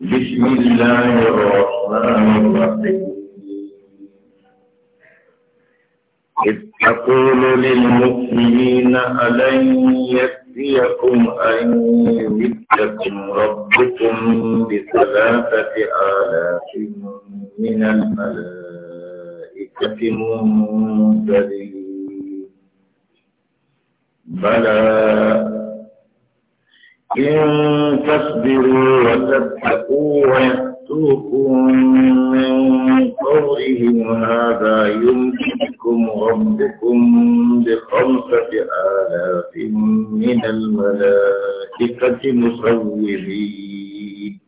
بسم الله الرحمن الرحيم إذ تقول للمؤمنين ألن يكفيكم أن يمدكم ربكم بثلاثة آلاف من الملائكة منذرين بلى إن تصبروا وتتقوا ويأتوكم من قولهم هذا يمسككم ربكم بخمسة آلاف من الملائكة مصورين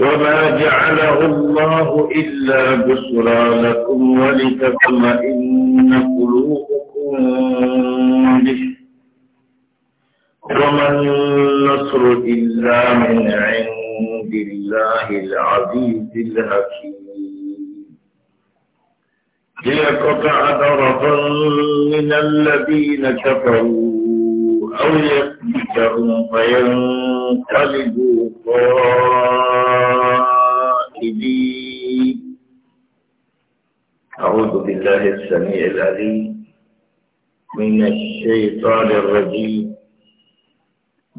وما جعله الله إلا بشرى لكم ولتطمئن قلوبكم وما النصر إلا من عند الله العزيز الحكيم ليقطع طرفا من الذين كفروا أو يقبتهم فينقلبوا خائبين أعوذ بالله السميع العليم من الشيطان الرجيم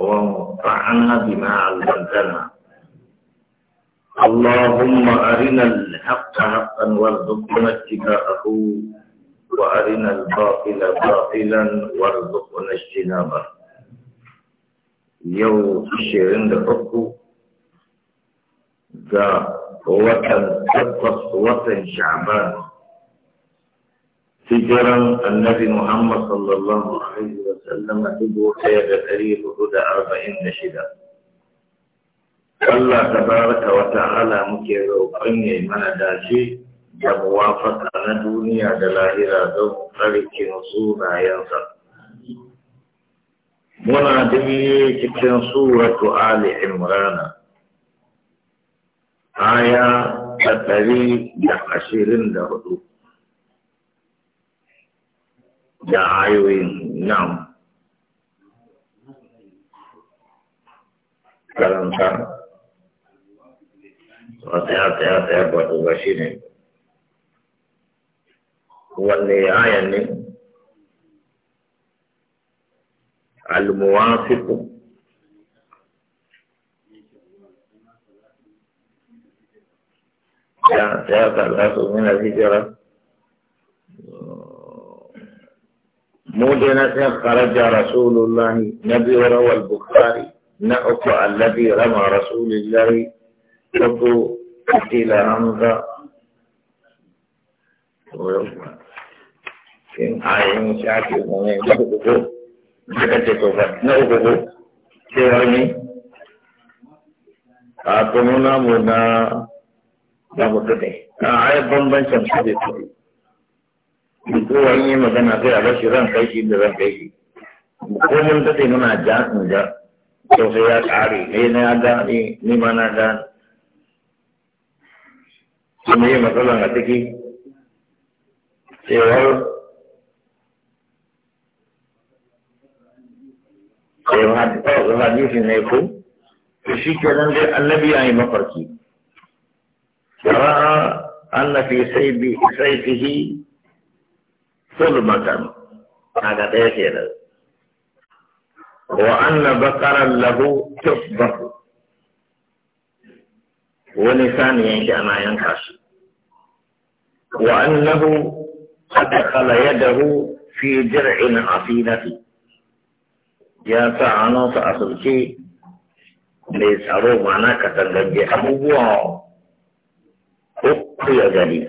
وانفعنا بما علمتنا اللهم أرنا الحق حقا وارزقنا اتباعه وأرنا الباطل باطلا وارزقنا اجتنابه يوم الشيرين لحقه ga watan takwas watan شعبان hijiran annabi Muhammad sallallahu Alaihi wasallam a dubu ɗaya da ɗari hudu da arba'in da shida. Allah ta baraka wa ta'ala muke roƙon ya yi mana dace da muwafaka na duniya da lahira don tsarkin sunayensa. Muna dai cikin suratu Ali Imrana, aya ta ɗari da ashirin da hudu. da ayoyin nan karanta a tsaya-tsaya-tsaya ba to ba shi ne wanne ayan ne almuwafiku ya tsaya-tsaya su nuna hijira مدنة خرج رسول الله نبي روى البخاري نأك الذي رمى رسول الله قد قتل حمزة كن عين آية شاكي مونين بكتكو بكتكو نأكو سيرمي أتمنى منا نمتني أعيب بمبن شمسي بكتكو kowa yi magana sai a bashi ran kai shi da ran kai shi ko mun dade muna ja in ja to sai ya kare ne na ga ni ni ma na ga kuma yi matsalan a ciki cewar cewar hadisi ne ko shi kenan dai annabi ya yi mafarki shara'a anna fi sayfi sayfihi kullu makan kaga da yake da wa anna baqaran lahu tusbahu wani sani yanki ana yanka shi wa annahu qad khala yadahu fi dir'in asinati ya sa ana a asuke mai tsaro mana ka tangange abubuwa uku ya gani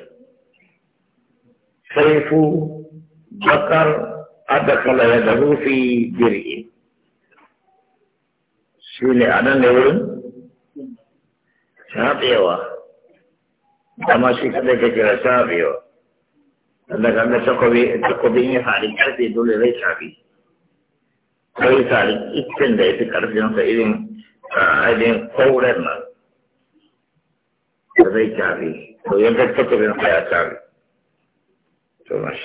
sai fu bakar adakala ya dahu fi dir'i shi ne a nan ne wurin shaɓewa dama shi kadai ka kira shaɓewa wanda kan ga takobin ya faɗi ƙarfe dole zai shafi sai faɗi iccen da ya fi ƙarfinsa irin ainihin kauren nan da zai shafi to yankan takobin sa ya shafi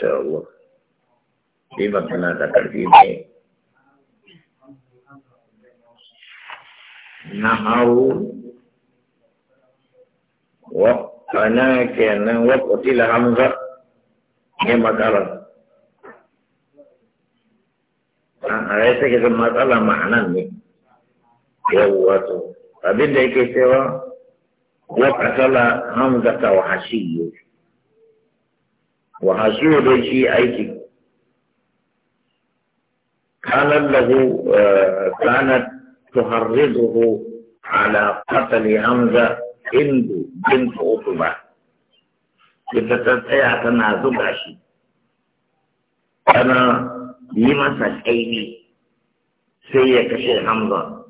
Allah ribar tana da ƙarfi ne na hau wakana kenan wakotila hamza ne matsala. a rai take zan matsala ma'anan ne yawwato abinda yake cewa wakasala hamza ta wahashiyo wahashiyo dai shi aiki قالت له كانت تهرضه على قتل حمزة هند بنت عتبة إذا تتسيع تنا زبعشي أنا لما سكيني سيئة كشي حمزة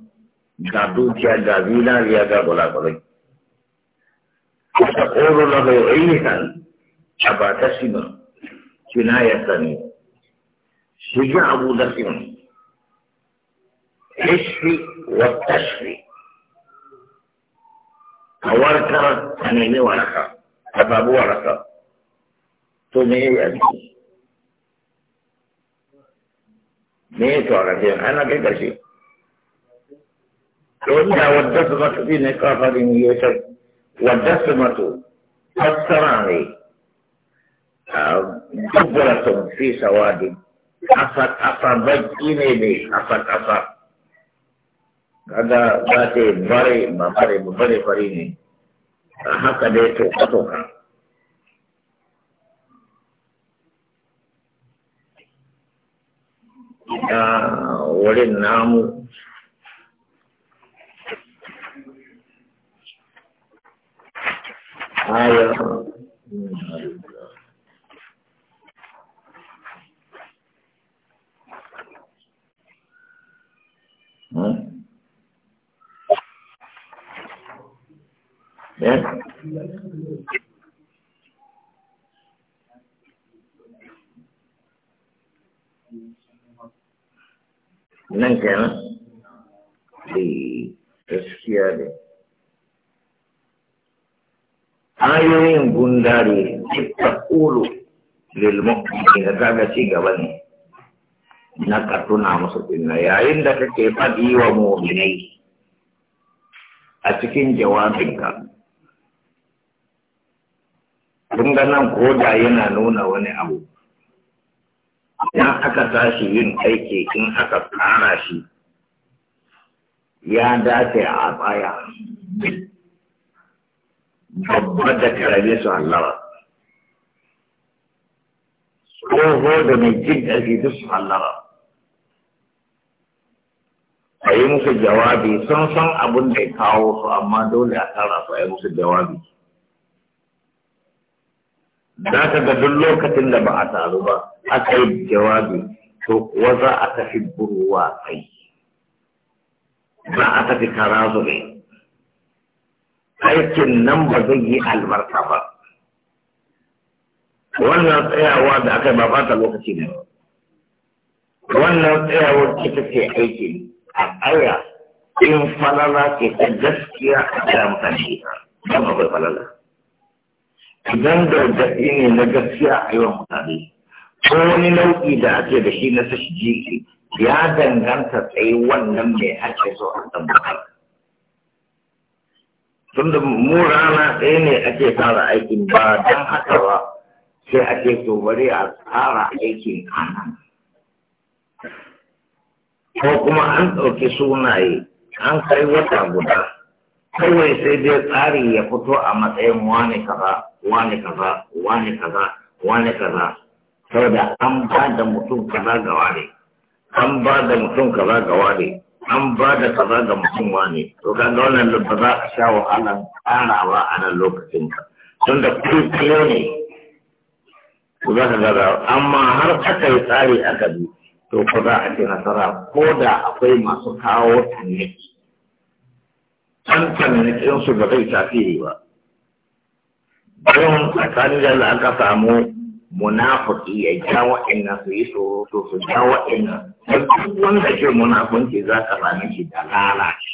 جادو كيا جازيلا ليا جابولا بلي تقول له أيها أبا تسمى كناية شجع أبو دسمى اشفي والتشفي أورك أنيمي ورقة أباب ورقة تمي أبي ميت ورقة أنا كيف أشي لأن ودسمة في نقافة يوسف ودسمة السراني دبرة آه، في سواد أفت أفت بجيني بي أفت أفت kaga za ta yi bare ba bare ba bare fari ne a haka dai toka toka ya wurin namu ayar gaga ci gaba ne na ka tuna musu dinna yayin da kake faɗi wa mu'minai a cikin jawabinka kun ga nan ko da yana nuna wani abu idan aka tashi yin aiki in aka tsara shi ya dace a baya. babba da karami su allawa tsoho da mai jin ƙarfi duk su hallara a yi musu jawabi sun san abin da ya kawo su amma dole a tara su a yi musu jawabi za ka ga duk lokacin da ba a taru ba aka yi jawabi to kuwa za a tafi burwa kai za a tafi kara zube aikin nan ba zai yi albarka ba wannan tsayawa da aka yi babata lokaci ne wannan tsayawar ce take aiki a tsaya in falala ke ta gaskiya a tsaya mutane don akwai falala idan da gaske ne na gaskiya a yawan mutane ko wani nau'i da ake da shi na sashi jiki ya danganta tsaye wannan mai ake so a tabbatar tunda mu rana ɗaya ne ake fara aikin ba don haka ba sai a ce to bari a tsara aikin a nan ko kuma an ɗauki sunaye an kai wata guda kawai sai dai tsari ya fito a matsayin wani kaza wani kaza wani kaza wani kaza saboda an ba da mutum kaza ga wani an ba da mutum kaza ga wani an ba da kaza ga mutum wani to ga wannan ba za a sha wahalan tsarawa a nan lokacin ka da kuma ne to za ka gaza amma har aka yi tsari a gabi to ko za a ce nasara ko da akwai masu kawo tannaki can tannakin su ba zai tafiye ba don tsakanin da Allah aka samu munafuki ya ja wa'annan su yi tsoro to su ja wa'annan duk wanda ke munafunci za ka sami shi da lalaci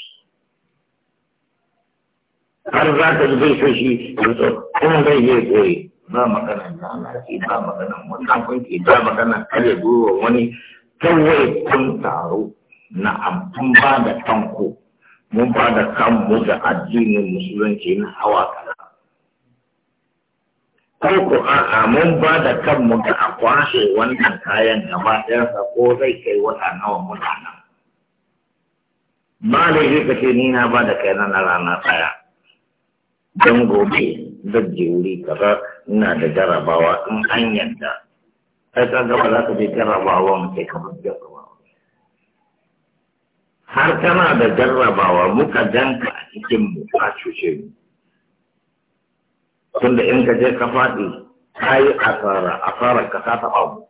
har za ka zai so shi kuma zai yi tsoye ba magana lalaci ba maganan mutafanci ba maganan kare gwiwa wani kawai kun taro na abin ba da kanku mun ba da kanmu da addinin musulunci na hawa kaza ko a mun ba da kanmu da a kwashe wannan kayan gaba ɗayansa ko zai kai wata nawa muna nan ba da yi ni na ba da kai na rana ɗaya don gobe zan je wuri kaza ina da jarabawa in an yadda ai ka gaba za ka je jarabawa mu sai kamar jarabawa har kana da jarrabawa muka danka a cikin mu a cuce mu tunda in ka je ka faɗi ka yi asara asarar ka ta taɓa mu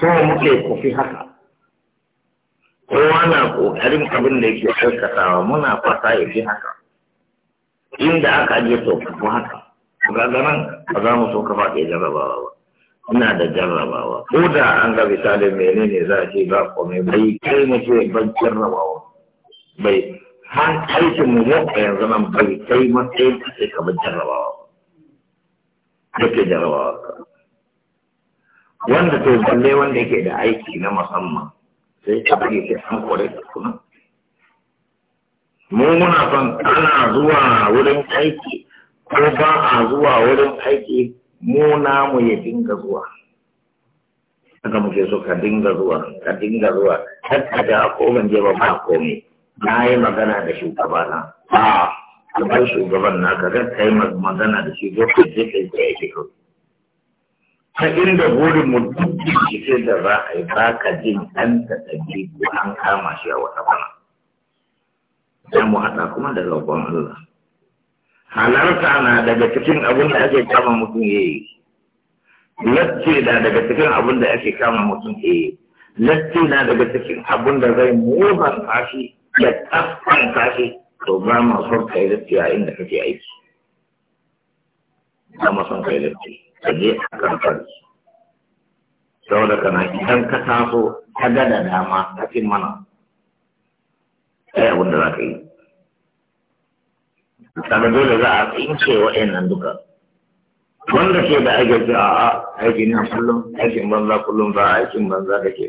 so muke kofi haka kowa na ƙoƙarin abin da yake aikatawa muna fata ya fi haka inda aka ajiye to ko haka ga nan ba za mu so ka faɗi jarrabawa ba ina da jarrabawa ko da an ga misalin menene za a ce ba komai bai kai mu ce ban jarrabawa bai han aikin mu a yanzu nan bai kai matsayin ka sai ka ban jarrabawa yake jarrabawa ka wanda to balle wanda yake da aiki na musamman sai ka bari sai an kore ka kuma mu muna son ana zuwa wurin aiki ko ba a zuwa wurin aiki mu na mu ya dinga zuwa haka muke so ka dinga zuwa ka dinga zuwa har ka ja ko ban je ba ba komai na yi magana da shugabana a kamar shugaban na ka ga kai magana da shi zo ka je kai ka yake kawai ta inda gori mu duk da za a yi ba ka jin ɗan ta ɗan an kama shi a wata bana za mu haɗa kuma da roƙon Allah halarta na daga cikin abin da ake kama mutum ya yi lacce na daga cikin abin da ake kama mutum ya yi lacce na daga cikin abin da zai mugan tashi da taskan tashi to ba ma son kai lacce a inda kake aiki ba ma son kai lacce ka je a kan fari saboda kana idan ka taso ka gada da dama ka fi mana kai abin da za ka yi kaga dole za a tsince wa'annan duka wanda ke da aiki a a aikin nan kullum aikin banza kullum ba aikin banza da ke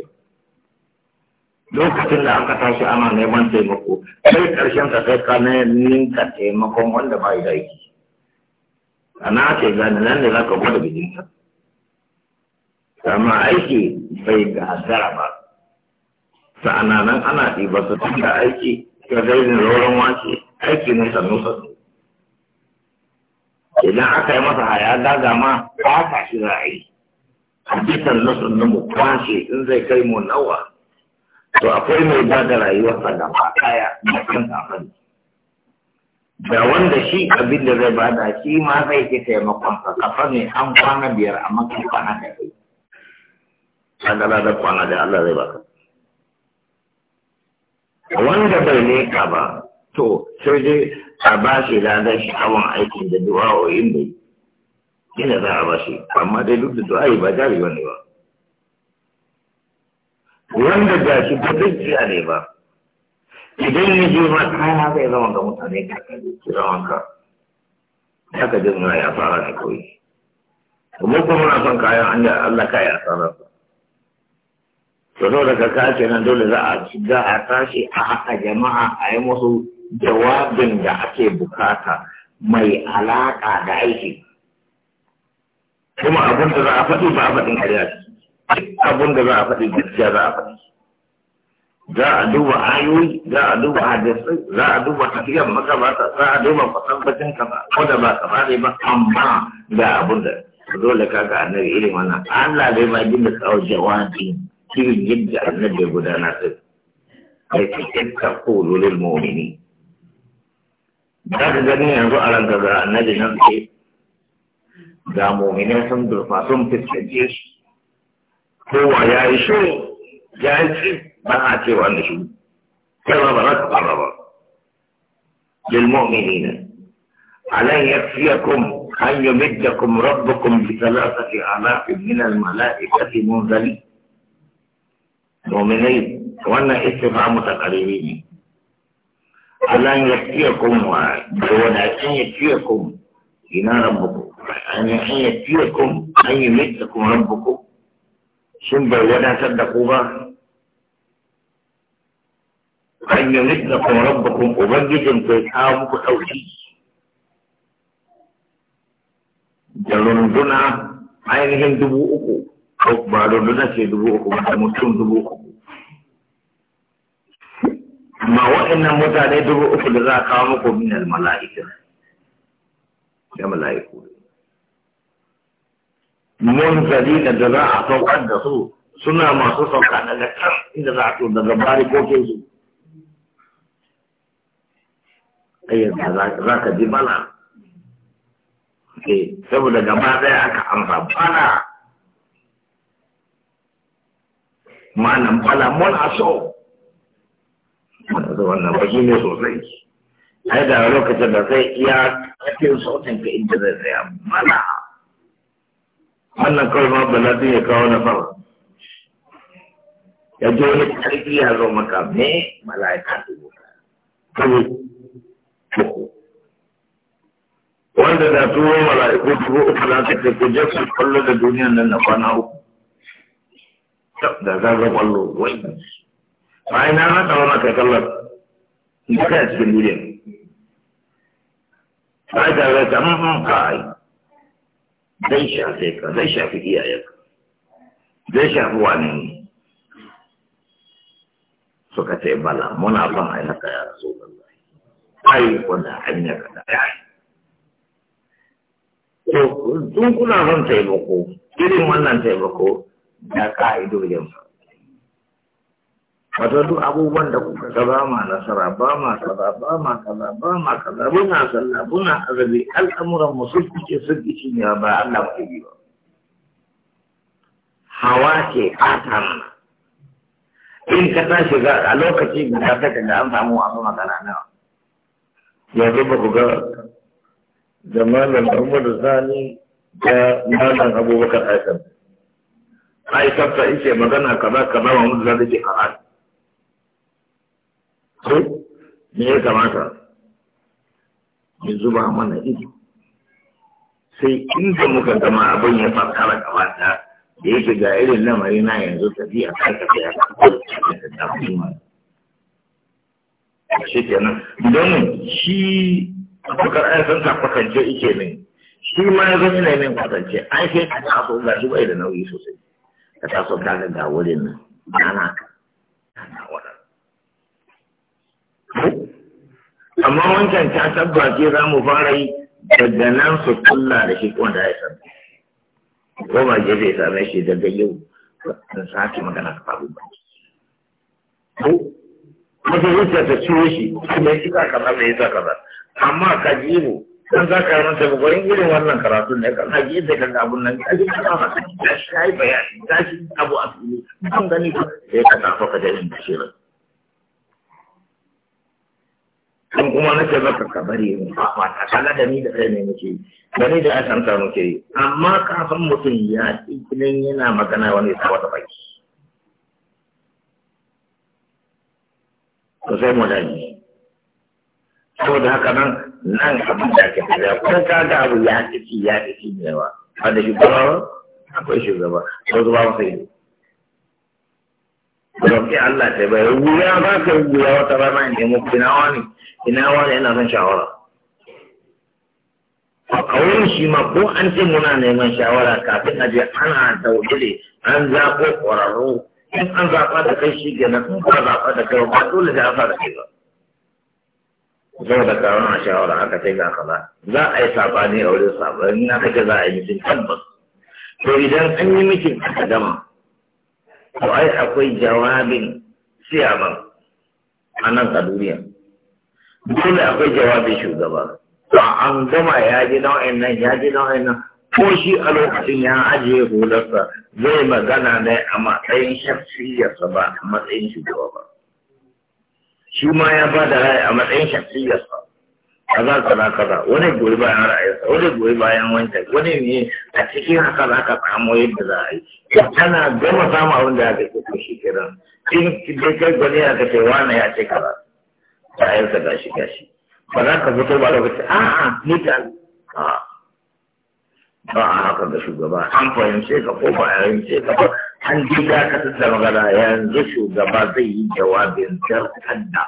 lokacin da aka tashi ana neman taimako sai karshen ka kai ka ninka taimakon wanda ba yi da aiki a na ce gani nan ne za ka gwada bijinka amma aiki bai ga hasara ba sa'ana nan ana ɗiba su tun da aiki ga zaizin roron wake aiki ne sannu sannu idan aka yi masa haya daga ma ba ta shi za a yi a ji sannu sannu mu kwashe in zai kai mu nawa to akwai mai ba da rayuwarsa da ba kaya na kan kafin da wanda shi abin da zai bada shi ma zai ke taimakon sa kafa ne an kwana biyar amma kan kwana da kai. sagala da kwana da Allah zai baka. wanda bai leka ba to sai dai a ba shi ladan sha'awan aikin da du'a'o'in yin bai? yana za a ba shi amma dai duk da yi ba jari wani ba wanda ga shi ba zai jiya ne ba idan ya je ma kaya zai zama ga mutane ka kira wanka haka jin ya fara ne kawai kuma kuma na son kayan an da Allah kaya a tsarar to so daga kace nan dole za a za a tashi a haka jama'a a yi musu jawabin da ake bukata mai alaka da aiki kuma abin da za a faɗi ba a faɗin ƙarya abin da za a faɗi gaskiya za a faɗi za a duba ayoyi za a duba hadisai za a duba tafiyar makamata za a duba fasambacin kaza ko da ba kamar ba amma ga abin da dole kaga annabi irin wannan Allah bai ma gina kawo jawabi irin yadda annabi ya gudanar din kai cikin taqulu lil mu'minin da ka gani yanzu a ranka ga annabi nan ce ga mu'minin sun durfa sun fuskance shi kowa ya yi shiru ya yi ci ba a ce wanda shi kai ba ba za ka fara ba lil mu'minin alan yakfiyakum أن يمدكم ربكم بثلاثة آلاف من الملائكة منزلين mu'minai wannan istifamu ta karimi ne Allah ya fiye kun wa da wadatun ya fiye kun ina rabbuku an ya an ya fiye kun an yi mita kun rabbuku shin bai wadatar da ku ba an yi mita kun rabbuku ubangijin ku ya kawo muku ɗauki da runduna ainihin dubu uku ko ba rundunar ke dubu uku ba mutum dubu uku amma waɗannan mutane dubu uku da za a kawo muku minal mala'ika da mala'iku mun zari da da za a saukar da su suna masu sauka daga can inda za a to daga ke su ayyana za ka ji bala eh, saboda gaba ɗaya aka amsa bala malam bala muna so wannan baki ne sosai ai da lokacin da zai iya cikin sautin ka inda zai tsaya mana wannan kawai ma baladin ya kawo na fara ya ji wani karfi ya zo maka me mala'ika dubu kawai uku wanda da tuwo mala'iku dubu uku za ta ce ku je ku kwallo da duniyan nan na kwana uku da zaga kwallo wai bayan na rasa wani kai kallon da kai a cikin duniya ba da rasa amma mm, kai zai shafe ka zai shafi iyayenka zai shafi wani ne suka ce bala muna son a yi haka ya rasu lallai ai wanda hanyar ka da ya yi to tun kuna son taimako irin wannan taimako da ƙa'idojinsa wato duk abubuwan da kuka ga ba ma nasara ba ma kaza ba ma kaza ba ma kaza buna sallah buna azabi al'amuran mu sun fice sun fice ne ba Allah ku yi ba hawa ke ƙata mana in ka tashi ga a lokaci ka ta ga an samu wasu magana nawa yanzu ba ku ga da Muhammadu Sani da malam Abubakar Aikan ai in ce magana kaza kaza wa mutu zai ce kaza so me ya kamata mu zuba mana ido sai inda muka gama abin ya fara gaba da da yake ga irin lamari na yanzu tafiya ta tafiya ya tafiya ta kuma. shi kenan don shi abokan an san ta kwatance ike ne shi ma ya zan ne yin kwatance an sai ka ta so ga shi bai da nauyi sosai ka taso kaga ga wurin nan ana ka ana wannan amma wancan ta tabbace za mu fara yi daga nan su kulla da shi wanda ya san ko ba je zai same shi daga yau da sake magana ta faru ba ko wata zuciya ta ciwo shi kuma ya kika kaza mai yasa kaza amma ka ji mu kan za ka yi masa gwagwarin irin wannan karatu ne kan haji da kan abun nan ya ji ka ta masa da shi ya yi bayani ta shi abu a fili kan gani ka sai ka tafa ka da yin bashirin kan kuma na ce maka ka bari mu fafa ta kala da ni da kai ne muke yi da ni da asan ta muke yi amma kafin mutum ya ikinin yana magana wani ta wata baki to sai mu dani saboda haka nan nan abin da ake tafiya ko ka ga abu ya ci ya ci ne ba a da shugaba akwai gaba ko zuba sai ido ke Allah ta bai wuya ba ka wuya wata rana ne mu kina wani ina wani ina son shawara a kawai shi ma ko an ce muna neman shawara kafin a je ana daudile an zaɓo ƙwararru in an zaɓa da kai shi kenan in ba zaɓa da kai ba dole da a fara kai ba zo da karon a shawara aka sai ga kaza za a yi sabani a wurin sabani na kake za a yi mutum tabbas to idan an yi mutum aka gama to ai akwai jawabin siyaman a nan a duniya dole akwai jawabin shugaba to an gama ya ji nau'in nan ya ji nau'in nan ko shi a lokacin ya ajiye hularsa zai magana ne a matsayin shafiyarsa ba a matsayin shugaba ba shi ma ya ba da ra'ayi a matsayin za ka kaza za wani goyi bayan ra'ayinsa wani goyi bayan wancan wani ne a cikin haka za ka samu yadda za a yi tana gama samu abin da aka ce to shi kiran in dai kai gwani aka ce wani ya ce kaza ra'ayinsa gashi gashi ba za ka fito ba a a'a ni ta a ba a haka da shugaba an fahimce ka ko ba a fahimce ka ba an ji dakatar da magana yanzu shugaba zai yi jawabin zartar da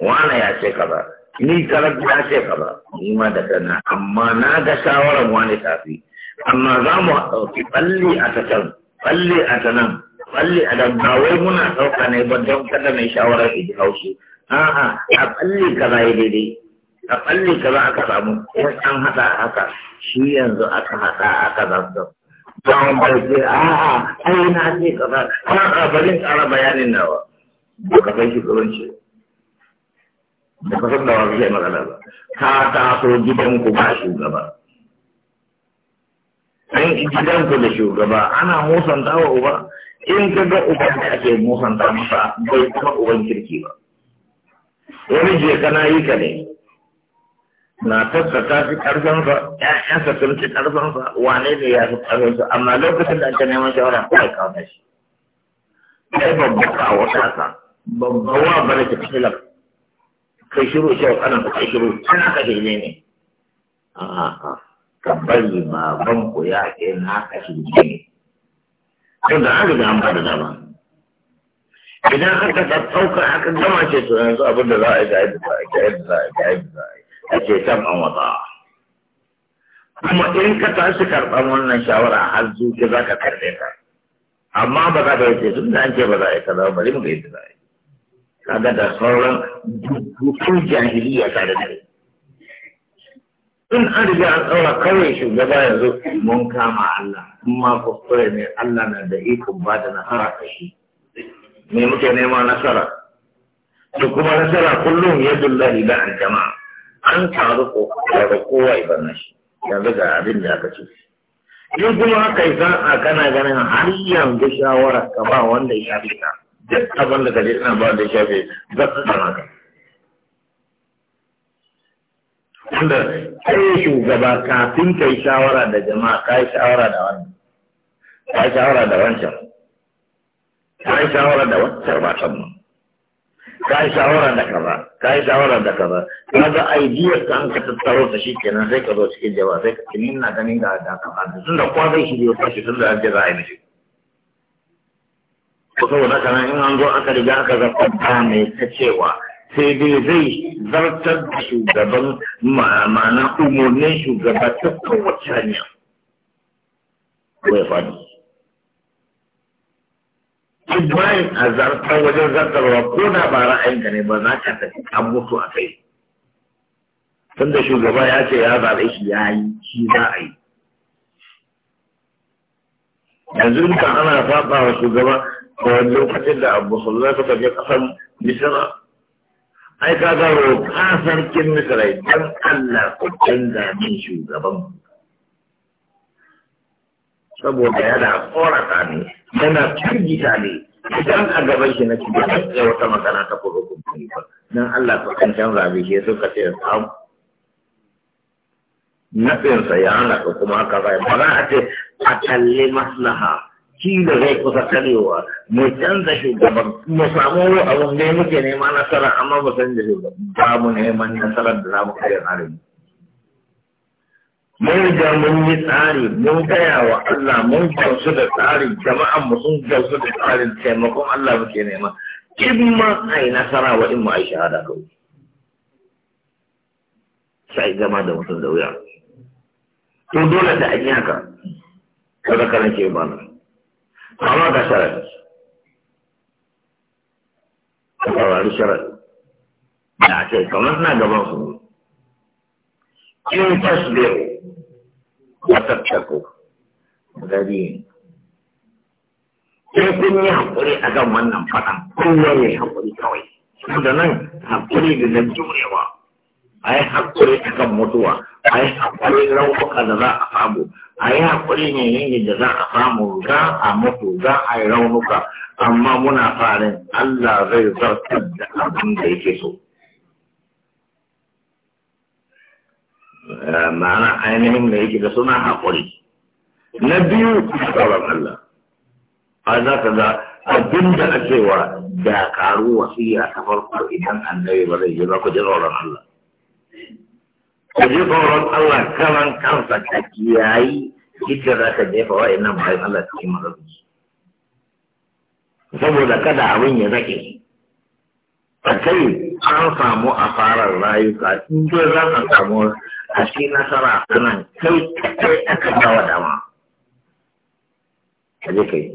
wane ya ce kaza ni karar ya ce kaza ni ma da kana amma na ga shawarar wane tafi amma za mu ɗauki Ɓalli a ta can ɓalli a ta nan ɓalli a nan ba wai muna ɗauka ne ba don kada mai shawarar ji haushi a'a a balli kaza ya daidai a balli kaza aka samu in an haɗa haka shi yanzu aka haɗa aka zartar ba mu barje a'a ai na ce kaza a'a bari tsara bayanin nawa ba ka san shugabanci ba ka san da wa zai magana ba ka taso gidan ku ba shugaba an gidan ku da shugaba ana musanta wa uba in ka ga uba da ake musanta masa bai kuma uban kirki ba wani je kana yi ka ne matarsa ta fi ƴaƴan ƴaƴansa sun fi sa, wane ne ya fi sa, amma lokacin da aka neman shawara kawai kawo shi kai babba ka a wata ka babba wa bane ta filar kai shiru shi ana ta kai shiru kana ka shirme ne a'a ka bari ban ku ya ke na ka shirme ne tun da an riga an da dama idan aka ɗauka aka gama ce to yanzu abin da za a yi da yadda yi za a yi da za a yi ake tab'an wata kuma in ka tashi karɓar wannan shawara har zuke za ka karɓe ka amma ba za ka yi tun da an ce ba za a yi kaza bari mu ga yadda za a yi kaga da sauran dukkan jahiliya ta da dare in an riga an ɗaura kawai shugaba yanzu mun kama Allah in ma kuskure ne Allah na da ikon ba da nasara ka shi me muke nema nasara to kuma nasara kullum yadullahi da al jama'a an taru ko daga kowa ibanna shi yanzu ga abin da aka ce in kuma haka yi a kana ganin har yanzu shawara ka ba wanda ya shafe ka duk abin da ka je ina ba wanda ya shafe za ka tsara ka wanda kai shugaba kafin ka yi shawara da jama'a ka yi shawara da wannan ka yi shawara da wancan ka yi shawara da wancan ba san ka yi shawara da kaza ka yi shawara da kaza ka ga aidiyar ka an ka tattaro ta shi kenan sai ka zo cikin jama'a sai ka kini na ganin ga da kaza tun da kowa zai shirya ta shi tun da an za a yi mishi ko saboda haka nan in an zo aka riga aka zaɓa ba mai ta cewa sai dai zai zartar da shugaban ma'ana umarnin shugaba ta kowace hanya ko ya faɗi kai bayan a zartar wajen zartarwa ko da ba ra'ayinka ne ba za ka tafi an mutu a kai tunda shugaba ya ce ya zaɓe shi ya yi shi za a yi yanzu in ka ana faɗa wa shugaba a lokacin da abu sallah suka je ƙasar misira ai ka ga roƙa sarkin misira idan allah ku canza min shugaban saboda yana tsorata ne yana firgita ne idan a gaban shi na ci da ya wata magana ta kuma kuma ba dan Allah ta kan can rabi ke suka ce am nafin sa ya hana ka kuma haka bai ba za a ce a talle maslaha shi da zai kusa karewa mu canza shugaban mu samu abin da muke nema nasara amma ba san da shugaban ba mu neman nasarar da za mu kare arziki mun ga mun yi tsari mun gaya wa Allah mun gausu da tsarin jama'an mu sun gausu da tsarin taimakon Allah muke nema in ma ai nasara wa in ma ai shahada kawai sai gama da mutum da wuya to dole da an yi haka kada kana ke ba na amma ga sharadi ka saurari sharadi da a ce kamar na gaban su Kin tasbiru watattaku gari sai kun yi haƙuri a kan wannan faɗan kun ya yi haƙuri kawai da nan haƙuri da nan jurewa a yi haƙuri a kan mutuwa a yi haƙuri raunuka da za a samu a yi haƙuri ne yanyi da za a samu za a mutu za a yi raunuka amma muna farin Allah zai zartar da abin da yake so. ma'ana ainihin da yake da suna haƙuri na biyu sauran Allah a za ka a abin da ake wa da karu wasiya ta farko idan annabi ba zai yi ba ku ji tsoron Allah ku ji tsoron Allah kaman kansa ka kiyayi yadda za ka jefa ina bayan Allah cikin mazarci saboda kada abin ya zake a kai an samu asarar rayuka in dai za ka samu a shi nasara a nan kai kai aka dawa dama ka je kai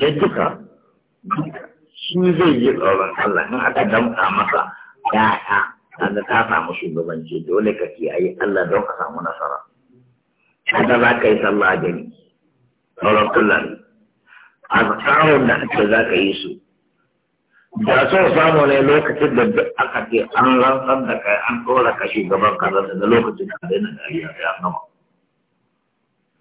Sai duka shi zai yi tsoron Allah in aka damta masa ya'ya da ta samu shugabanci dole ka ke yi. Allah don ka samu nasara kada za ka yi sallah a gani tsoron Allah ne a tsawon da ake za ka yi su da so samu ne lokacin da aka ce an rantsar da kai an ɗora ka shugaban kaza daga lokacin da ka daina da ya gama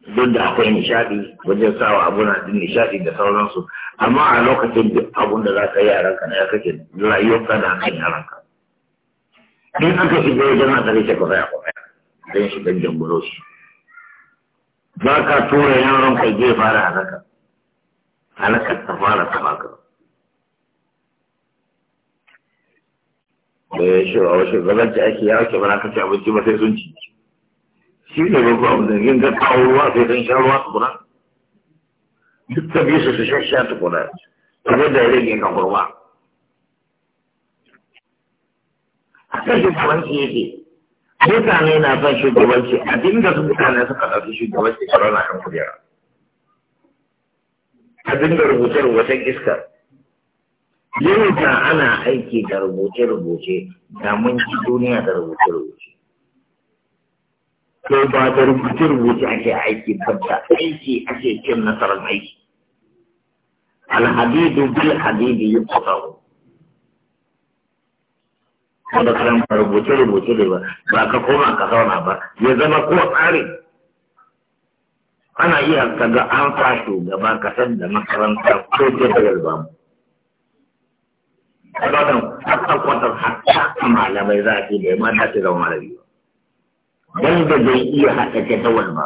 duk da akwai nishaɗi wajen sawa na ɗin nishaɗi da sauransu amma a lokacin duk abun da za ka yi a ranka na ya kake rayuwarka da kan yaranka in aka shiga wajen na tare shi kwaya kwaya don shi dan jamburo shi ba ka tura yaron ka je fara halaka halakar ta fara ta baka da eh, ya shi a wasu gabanci ake yawon ke ba na kace abinci ba sai sun ci shi ne babu abu da yin ga ruwa sai don sha ruwa tukuna duk ta biyu su sha sha tukuna ta zai da rage ka kurwa a kan shugabanci yake mutane na son shugabanci a dinga su mutane suka ɗauki shugabanci a ranar kan kujera a dinga rubutar wata iskar yau da ana aiki da rubuce-rubuce da mun ci duniya da rubuce-rubuce ko ba da rubuce-rubuce ake aiki ba da aiki ake cin nasarar aiki alhadidu bil hadidi yi kusawo kada karan rubuce-rubuce ne ba ba ka koma ka zauna ba ya zama ko tsari ana iya kaga an fa shugaba ka san da makaranta ko ce da yalba mu kaga dan hatta kwatar hatta malamai za a ce da ya ma ta ce zama malami wanda bai iya haɗa jadawal ba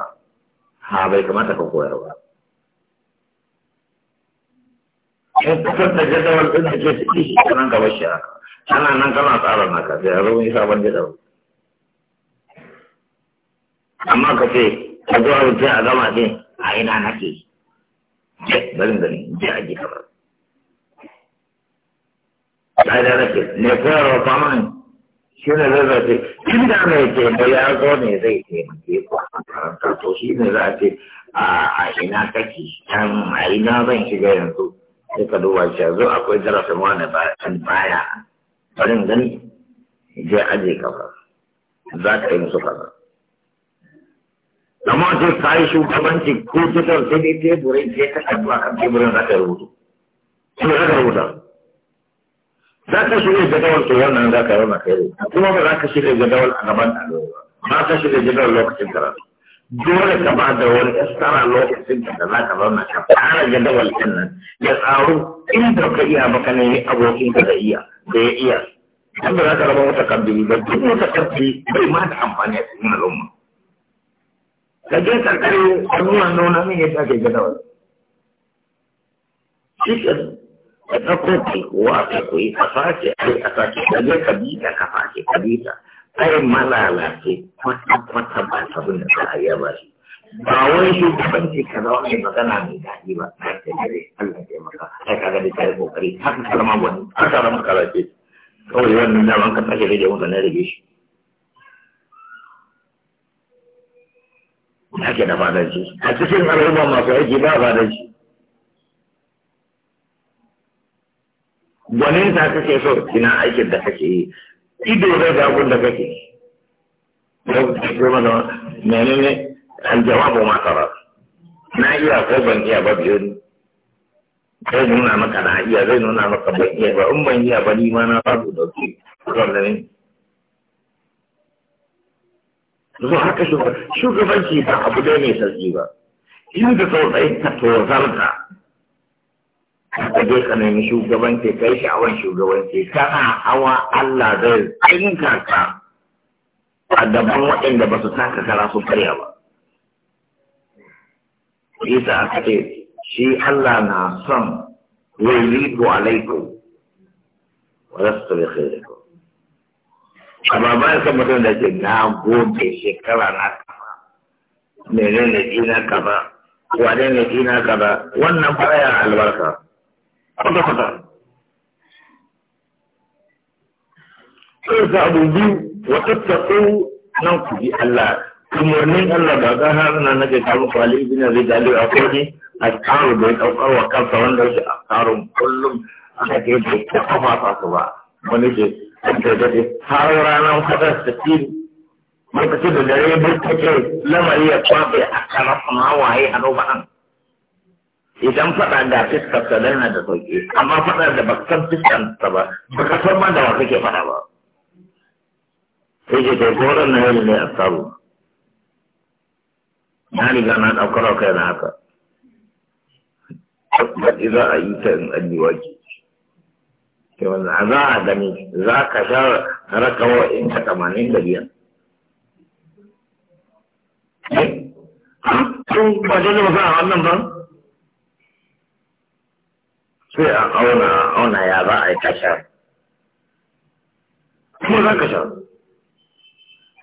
ha bai kamata ka koyar ba in fitar da jadawal ɗin da ke ciki shi nan gaba shi haka ana nan kana tsara naka sai a rubuta sabon jadawal amma ka ce ka zo rubuce a gama ɗin a ina nake je barin gani je a gida ba. Ɗaya da nake, ne koyarwa kwamanin shi ne zai mai taimako ya zo ne zai taimake ku a to shi ne a a ina kake can a ina zan shiga yanzu sai ka akwai darasin wani baya barin gani je aje kafa za yi musu sai ka yi shugabanci ko sai dai teburin kan teburin za ka rubuta. za ka shirya jadawal to wannan za ka rauna yi kuma ba za ka shirya jadawal a gaban ɗalibai ba ba ka shirya jadawal lokacin karatu dole ka ba da wani tsara lokacin da za ka zauna ka fara jadawal ɗin nan ya tsaro inda ka iya baka ne abokin ka da iya da ya iya dan ba za ka raba wata kabbiri ba duk wata kabbiri bai ma da amfani a cikin al'umma ka je ka kare abubuwan nuna min ya sake jadawal shi da ɗauko taikuwa ka koyi kafa a ai a sake kaje ka bi ta kafa ce ka bi ta ai malalace kwata-kwata ba ta bin da za a yaba shi ba wai shugabanci ka zama mai magana mai daɗi ba a ce dare Allah ya maka ai ka gani kai kokari haka kalma wani haka ran karace kawai wannan daman ka sake rage wanda na rage shi ake da fadanci a cikin al'umma masu aiki ba fadanci gwanin ta kake so ina aikin da kake yi ido zai ga abin da kake goma da menene aljawabu ma tara na iya ko ban iya ba biyu ni zai nuna maka na iya zai nuna maka ban iya ba in ban iya ba ni ma na babu da su da ni zuwa haka shugabanci ba abu da ne sarki ba inda sau tsaye ka tozarta ka je ka nemi shugabanci kai sha'awan shugabanci kana hawa Allah zai tsinka ka a gaban waɗanda ba su taka kara su karya ba isa aka ce shi Allah na son wuri ko alaikum wa lasu bi khairikum amma ba san mutum da ke na gobe shekara na kafa menene dina kafa wane ne dina kafa wannan baya albarka da kwata sai za a biyu wata tafi nan ku bi Allah umarnin Allah ba za har na na gaga muku Ali ibn Abi Talib akwai ne a tsaro da ya daukar wa kansa wanda yake a tsarin kullum aka ke da kafa ta su ba wani ke da da har ranar kada ta ci lokacin da dare ya bar take lamari ya kwabe a kan samawaye a roba an idan faɗa da fiskar ta yana da sauƙi amma faɗa da bakkan fiskar ba, ba ka san ma da wa kake faɗa ba sai ke kai goron na yau ne a sabu na riga na ɗaukar kai na haka baɗi za a yi ta in an yi waki ke wanda za a gani za ka sha rakawa in ka tamanin da biyan eh? Tun ba zai ba a wannan ba? sai a auna auna ya za a yi kasha kuma za ka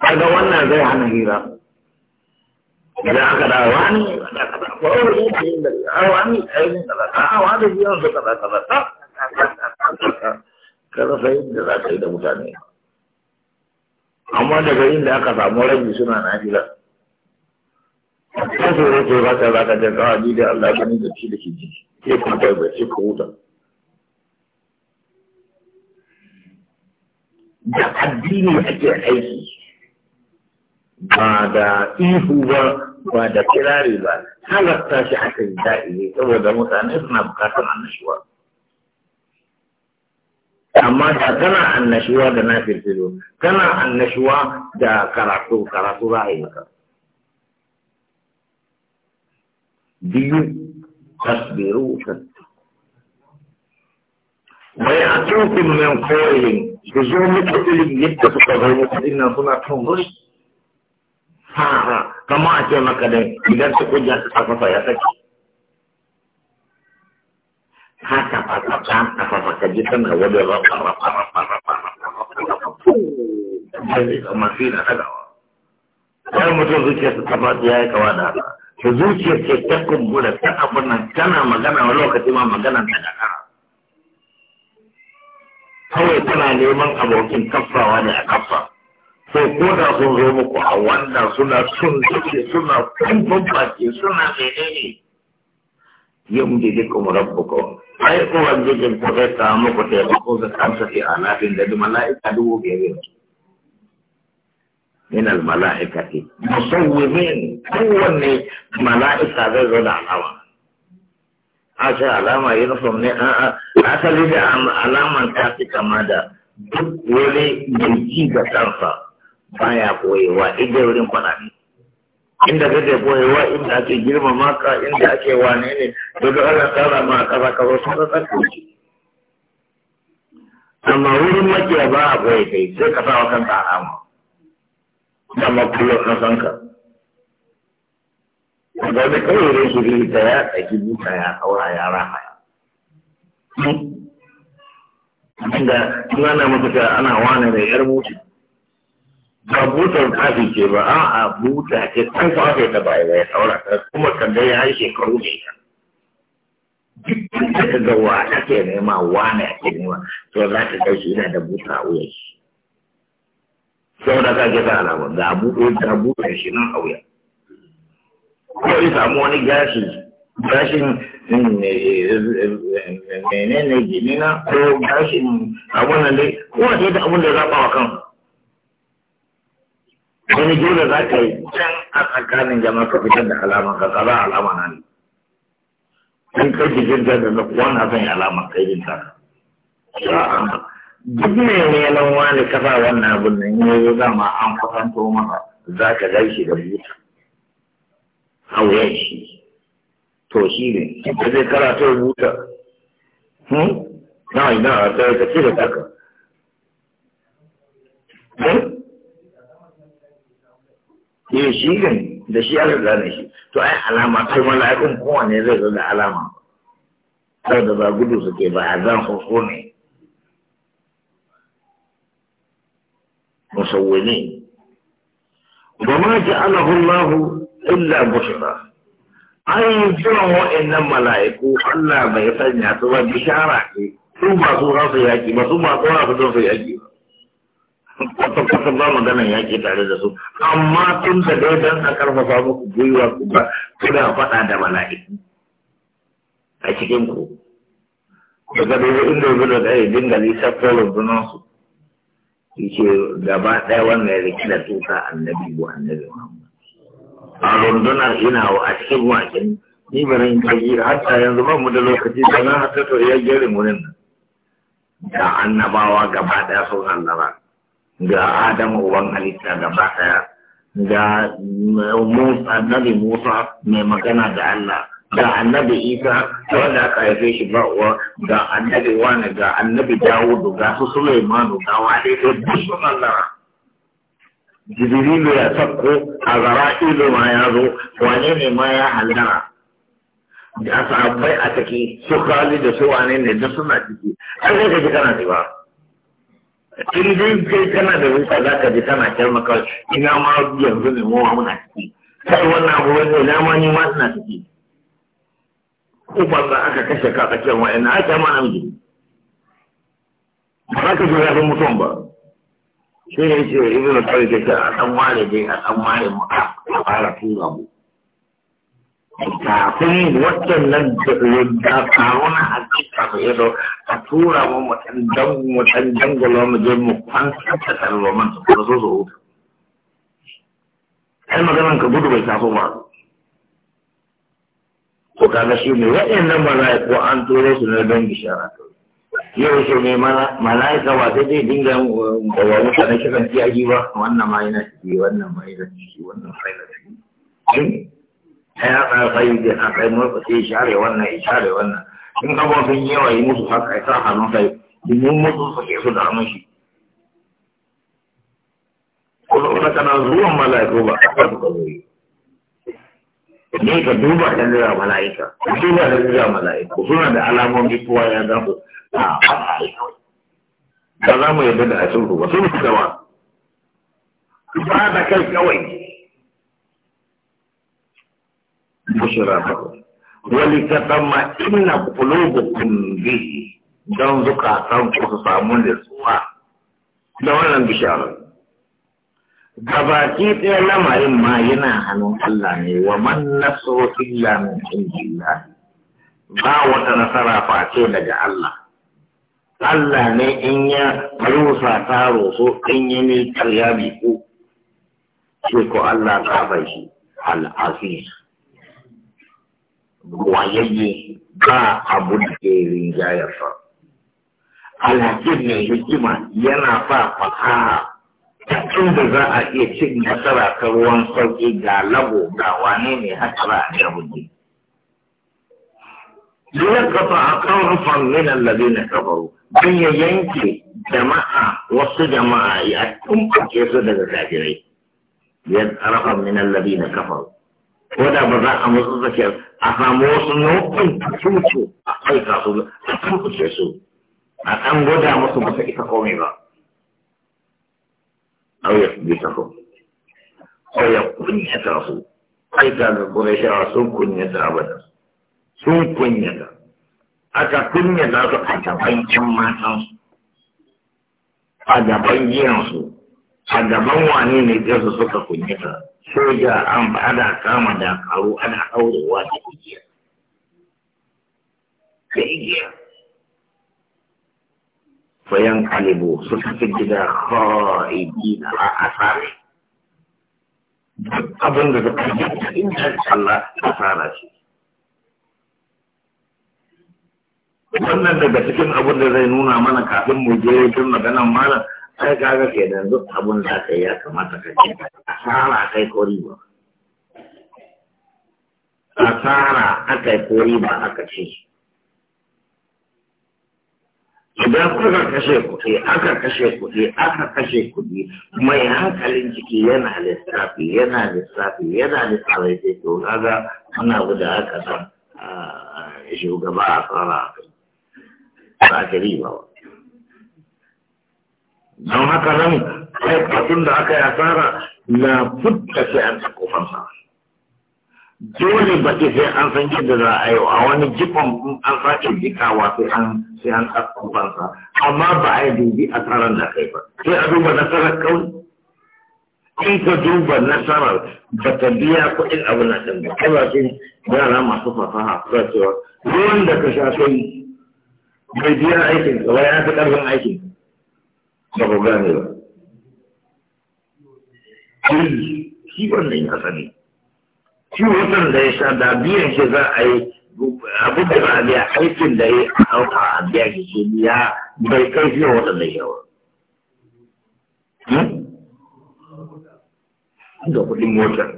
kaga wannan zai hana hira idan aka da wani da kaza ko wani wani da a wani biyan su ka rasa yadda za ka yi da mutane amma daga inda aka samu rabi suna na hira sai su rage ba ta zaka da kawai da Allah gani da shi da shi ji sai ku kai ba sai ku huta da addini ake aiki ba da ihu ba ba da kirari ba halatta shi aka yi da'i saboda mutane suna bukatar annashuwa amma da kana annashuwa da na firfiro kana annashuwa da karatu karatu za a yi maka biyu tasbiru mai a cikin min koyin da zo muka ilim yadda suka zo muka ina suna tun wuri fara kama a ce maka dai idan ta kujya ta tafafa ya sake ka tafa tafa tafafa ka ji tana wadda ba ta zuciyar ce ta kumbura ta abin nan tana magana wa lokaci ma magana ta daga kawai tana neman abokin kafawa ne a kafa to ko da sun zo muku a wanda suna sun duke suna kumfan baki suna menene yin da kuma rabu ko ai uwan jikin ko zai samu ku taimako zai kamsa fi alafin da mala'ika dubu biyar yanzu min الملائكة مصومين musawwimin kowanne mala'ika zai zo da alama ينفهم alama uniform ne a asali da alaman ta fi بايا da duk wani mai ga kansa baya koyewa inda wurin inda inda ake girma maka, inda ake wane ne duk ana tsara ma kaza kaza sun ka tsarki amma wurin makiya ba a kai sai ka sa wa kanka alama dama kullum an san ka ga wani kawai rai su yi ta ya tsaki buta ya haura ya raha hmm? inda in ana masa ta ana wani da yar mutu ba butar kafi ce ba a a buta ke kan fa aka ta bai bai saura ta kuma kan dai yi shekaru ne ka duk da ka ga wa ake nema wani ake nema to za ka kai shi yana da buta a wuyan shi saboda ka ke ta alama ga abu ga abu shi nan auya ko yi samu wani gashi gashin eh, gini na? ko gashin abun nan dai ko a da abun da zaɓa wa kan wani dole za ka yi can a tsakanin jama'a ka fitar da alama ka tsara alama na ne in kai jikin da na kuwa na son alama kai yin ta sa'a duk mai nan wani kafa wannan abin nan ya zama dama an kwatanto maka za ka gan shi da buta a wuyan shi to shi ne da zai karatu buta hmm? na ina a tsaye ka da taka Ya hmm? eh, shi ne da shi aka gane shi to ai alama kai mala'ikun kowane zai zo da alama da ba gudu suke ba a zan hoso ne musawwimin وما جعله الله إلا illa أي جرى وإن wa'annan mala'iku Allah bai sanya بشارة ثم bishara في su ba su rasu yaki ba su ba su yaƙi tare da su amma tun da dai don a karfafa muku gwiwa ku ba kuna faɗa da mala'iku a cikin ku inda da ya dinga lissafin rundunan su yace gaba ɗaya wannan rike da tuka annabi ko annabi Muhammad a rundunar ina wa a cikin wakin ni bari in kaji hatta yanzu ba mu da lokaci da na hatta to ya gere wurin nan da annabawa gaba ɗaya sun annaba ga Adamu uban halitta gaba ɗaya ga Musa annabi Musa mai magana da Allah ga annabi isa wanda aka haife shi ba uwa ga annabi wani ga annabi dawudu ga su sulaimanu ga wani da suna lara jibirilu ya sakko a zara ilu ma ya zo wane ne ma ya hallara da sahabbai a take, su kali da su wane ne da suna ciki an zai kaji kana ne ba in dai kai kana da wuta za ka ji kana kyarmakar ina ma yanzu ne mu muna ciki kai wannan abubuwan ne? na ma ni ma suna ciki ko banza aka kashe ka tsakiyar wa'in na aka ma namiji ba ka jira sun mutum ba shi ne ce yi zuwa qayyim ke a ɗan ware dai a ɗan ware mu a fara tura mu kafin wannan nan da karuna a cikin mu yado a tura mu mu dangu dan dangu dan mu je mu kwanta ta ko man su zo zo ai maganan ka gudu bai taso ba ko kaga shi ne waɗannan mala'iku an turo su ne don bishara yau shi ne mala'ika ba sai dai dinga wani wa mutane kiran tiyaki ba wannan ma yana ciki wannan ma yana ciki wannan ma yana ciki ya tsaya sai da na mu ko sai share wannan ya share wannan in kafofin yawa yi musu haka ya sa sai kai Mun mutu su ke su da mun shi ko kana zuwan mala'iku ba a ka ba ne ka duba da nuna mala'ika ku duba da nuna mala'ika suna da alamomi kowa ya za su a ba za mu yarda da asirku ba sun fita ba ba da kai kawai bushira ba wani ta tsamma inna kulubukun bi don zukatan ku su samu nutsuwa da wannan bisharar gabaki ɗaya lamarin ma yana hannun Allah ne wa man nasru illa min indillah ba wata nasara face daga Allah Allah ne in ya rusa ta roso in ya ne karya bi ko sai ko Allah ta bai shi al'aziz wayayye ba abu da ke rinjayarsa alhakin ne hikima yana sa fasaha da za a iya cin nasara ta ruwan sauƙi ga lago ga wane ne haka ba a jabuji. Dole kafa a kan rufan minan labe na kafaru don ya yanke jama'a wasu jama'a ya tumɓuke su daga kafirai. Ya arafan minan labe na kafaru. Ko da ba za a musu tsakiyar a samu wasu nufin cucu a kai su a tumɓuke su. A ɗan gwada musu ba ita komai ba. aw ya fita ko ko ya kunya ta ko ai ga ga gore shi a sun sun kunya ta aka kunya su a gaban kin mata a gaban yin a gaban wani ne da su suka kunya ta soja an ba da kama da karo ana aurewa da kujiya sai giya fayan kalibu su tafi gida kha'idina a asare abin da suka yi inda Allah asara shi wannan daga cikin abin da zai nuna mana kafin mu je wajen maganan malam sai kaga kenan duk abin da ka ya kamata ka ce asara kai kori ba. asara aka yi ko riba aka ce idan kuka kashe kuɗi aka kashe kuɗi aka kashe kuɗi mai hankalin ciki yana lissafi yana lissafi yana lissafi sai to kaga ana guda aka san shugaba a tsara ba ta riba ba don haka nan kai da aka yi asara na futta sai an takofansa dole baki sai an san yadda za a yi a wani jikon an sake jikawa sai an sai an bansa amma ba a yi dubi a tsaron da kai ba sai a duba nasarar kawai in ka duba nasarar ba ta biya kuɗin abu na ɗan ba kai shi yara masu fasaha suna cewa ruwan da ka sha kai bai biya aikin ka ba ya fi ƙarfin aikin ba ku gane ba. Shi wannan ya sani. shi wutan da ya sha da biyan shi za a yi abin da ba a biya aikin da ya auka a biya shi su biya bai kai fiye wata da yawa. Hmm? Da kuɗin motar.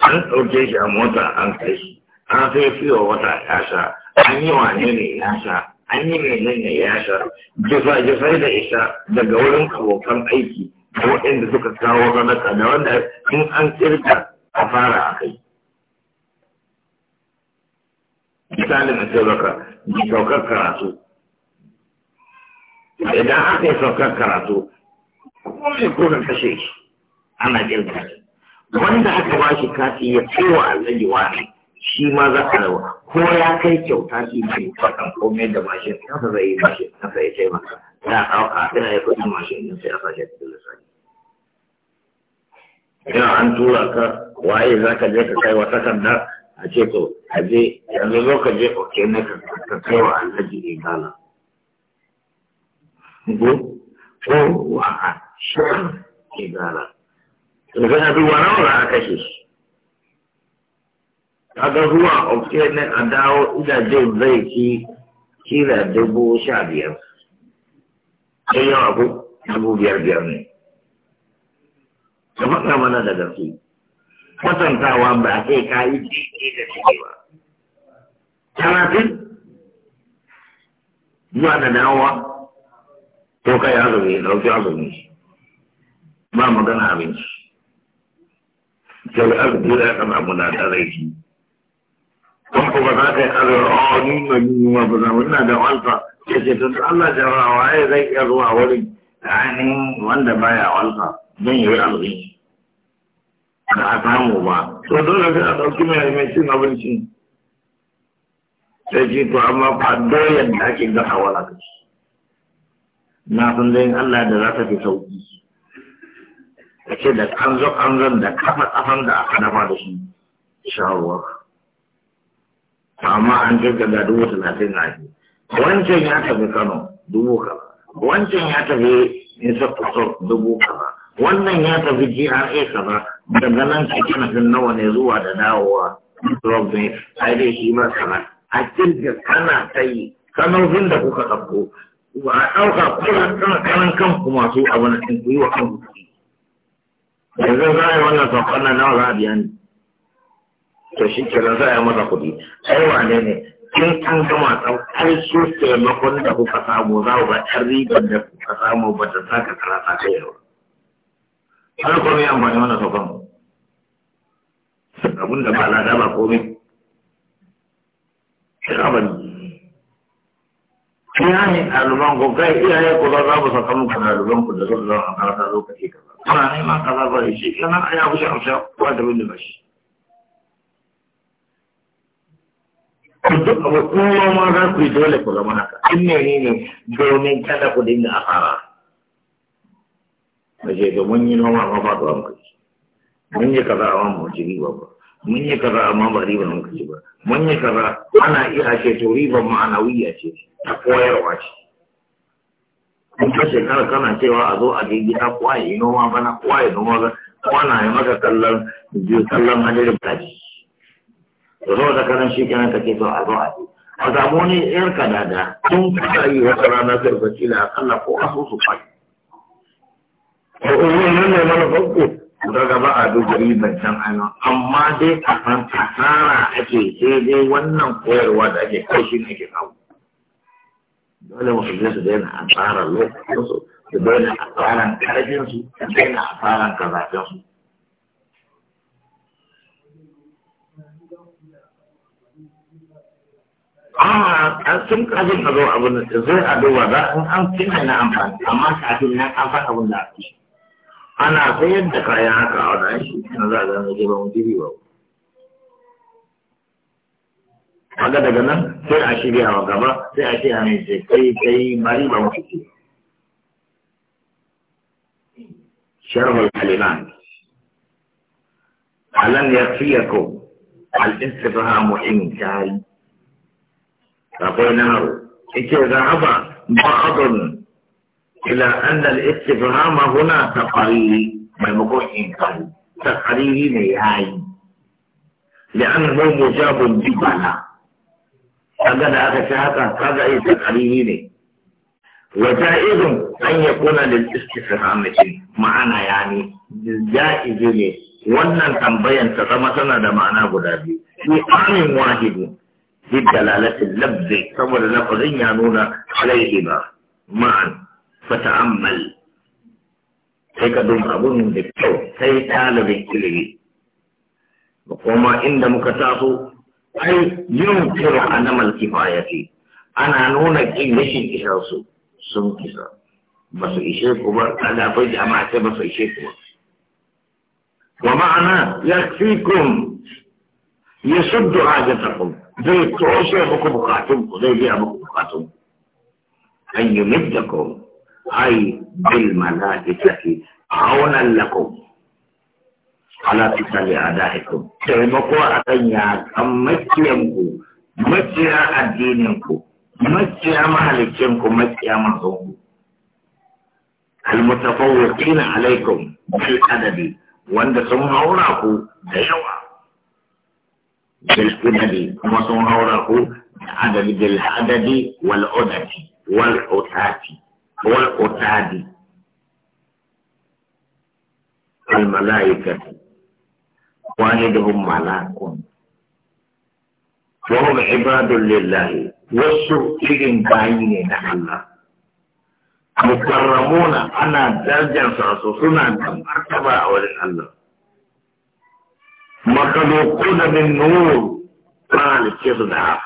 An ɗauke shi a mota an kai shi. An sai fiye wata ya sha. An yi wane ne ya sha. An yi ne ya sha. Jifa-jifai da isa daga wurin abokan aiki. waɗanda suka kawo zanaka da wanda in an kirka a fara a kai misali na ce zaka, mai saukar karatu idan aka yi saukar karatu kuma ko kashe shi ana kirka wanda aka ba shi kati ya a allaji wani shi ma za a rawa ko ya kai kyauta shi ne faɗan komai da mashin kansa zai yi mashin kansa ya taimaka ya a ina ya kuɗin mashin ɗin sai a sake cikin lissafi ina an tura ka waye za ka je ka kai wa takarda a ce to a je yanzu zo ka je oke ne ka kai wa alhaji igala go ko wa a shan igala to ga abu wa nawa za a kashe shi kaga zuwa oke ne a dawo idajen zai ki kira dubu sha biyar sai yau abu dubu biyar biyar ne ka faɗa mana da gaske kwatantawa ba a kai kayi daidai da ciki ba talatin zuwa da dawowa to kai azumi ɗauki azumi ba magana abinci sai azumi da kana muna da laifi don ko ba za ka yi azumi a oh, ni ma ni ma ba za mu ina da alfa ya ce tun Allah jarawa ya zai iya zuwa wurin ainihin wanda baya walfa zan yi azumi ba a samu ba to dole sai a ɗauki mai mai cin abinci sai ce to amma ba doyan da ake gasa wala ka ci na san dai Allah da za ta fi sauki a ce da an zo an zan da kafa tsafan da aka dafa da shi shawar amma an jirga dubu talatin na shi wancan ya tafi Kano dubu kaza wancan ya tafi Nisa Kusur dubu kaza wannan ya tafi GRA kaza daga nan cikin nafin nawa ne zuwa da dawowa drug ne sai dai shi ma sana a cikin kana ta yi sanofin da kuka ɗauko ba a ɗauka kuma kana kanan kanku masu abu na cin kuyi wa kanku kuɗi yanzu za a yi wannan saukan nan nawa za a biya ni to shi kiran za a yi masa kuɗi ai wane ne kin kan gama ɗau ai su taimakon da kuka samu za ku ga ɗan ribar da kuka samu ba ta ka karata ta yawa har ko mai amfani wannan saukan abun da ba lada ba komai sai abin ya ne ɗaliban ku kai iyaye ku za ku saka muku ɗaliban ku da su zama a karata lokaci kaza kuna neman kaza ba shi kana a ya wuce amsa ba da bin da shi duk abu kuma ma za ku yi dole ku zama haka in ne ne domin kada ku dinga asara da ke ga mun yi noma amma ba zuwa muka ci mun yi kaza amma ba ci riba ba mun yi kaza amma ba riba muka ci ba mun yi kaza ana iya ce to riba ma'anawiya ce ta koyarwa ce in ka shekara kana cewa a zo a je a kwaye yi noma ba na kwaye noma ba kwana na yi maka kallon kallon hajjar baki da zo da karan shi kenan kake so a zo a je a samu wani yan kadada tun kusa yi wata rana sai ka kila akalla ko asusu kwai ko wannan ne mana farko daga ba a duba ribar can ana amma dai a san asara ake sai dai wannan koyarwa da ake kai shi ne ke kawo dole mu je su daina asara lokacin su su daina asaran karfin su su daina asaran kazafin su a sun kafin a zo abin da zai a duba za an kina na amfani amma kafin nan an faɗa abin da a ake ana sayar da kayan haka a wani shi na za a gano ke ba mu jiri ba kaga daga nan sai a shirya wa gaba sai a ce a mai ce kai kai mari ba mu ciki sharhul kalimat alam yakfiyakum al-istifhamu inkari akwai naro yake zahaba ba'adun إلى أن الاستفهام هنا تقريري ميمكن إنكاري تقريري نهائي لأنه مجاب ببلا هذا لا هذا أي تقريري وجائز أن يكون للاستفهام معنى يعني جائز له wannan tambayan ta zama tana da ma'ana guda biyu ni amin wahidu bi dalalatin labzi saboda lafazin ya nuna alaihi ba ma'an fata'ammal sai ka duba abun da kyau sai ɗalibin ilimi kuma inda muka taso ai yin kira a na malkifayati ana nuna ƙin rashin isarsu sun kisa ba su ishe ku ba kada akwai jama'a sai ba su ishe ku ba wa ma'ana ya fi kun ya suddu hajjatakum zai toshe muku bukatunku zai biya muku bukatunku an yi middakum ai bil malaikati hawlan lakum ala tusali adaikum taimako akan ya kan makiyan ku makiya addinin ku makiya mahalicin ku makiya mazan ku almutafawwiqina alaikum bil adadi wanda sun haura ku da yawa adadi kuma sun haura ku da adadi bil adadi wal adadi wal wal utadi al malaikatu walidhum malakun wa hum ibadul lillahi wasu irin bayi ne na Allah mukarramuna ana darajarsa su suna da martaba a wurin Allah makalokuna min nur ba da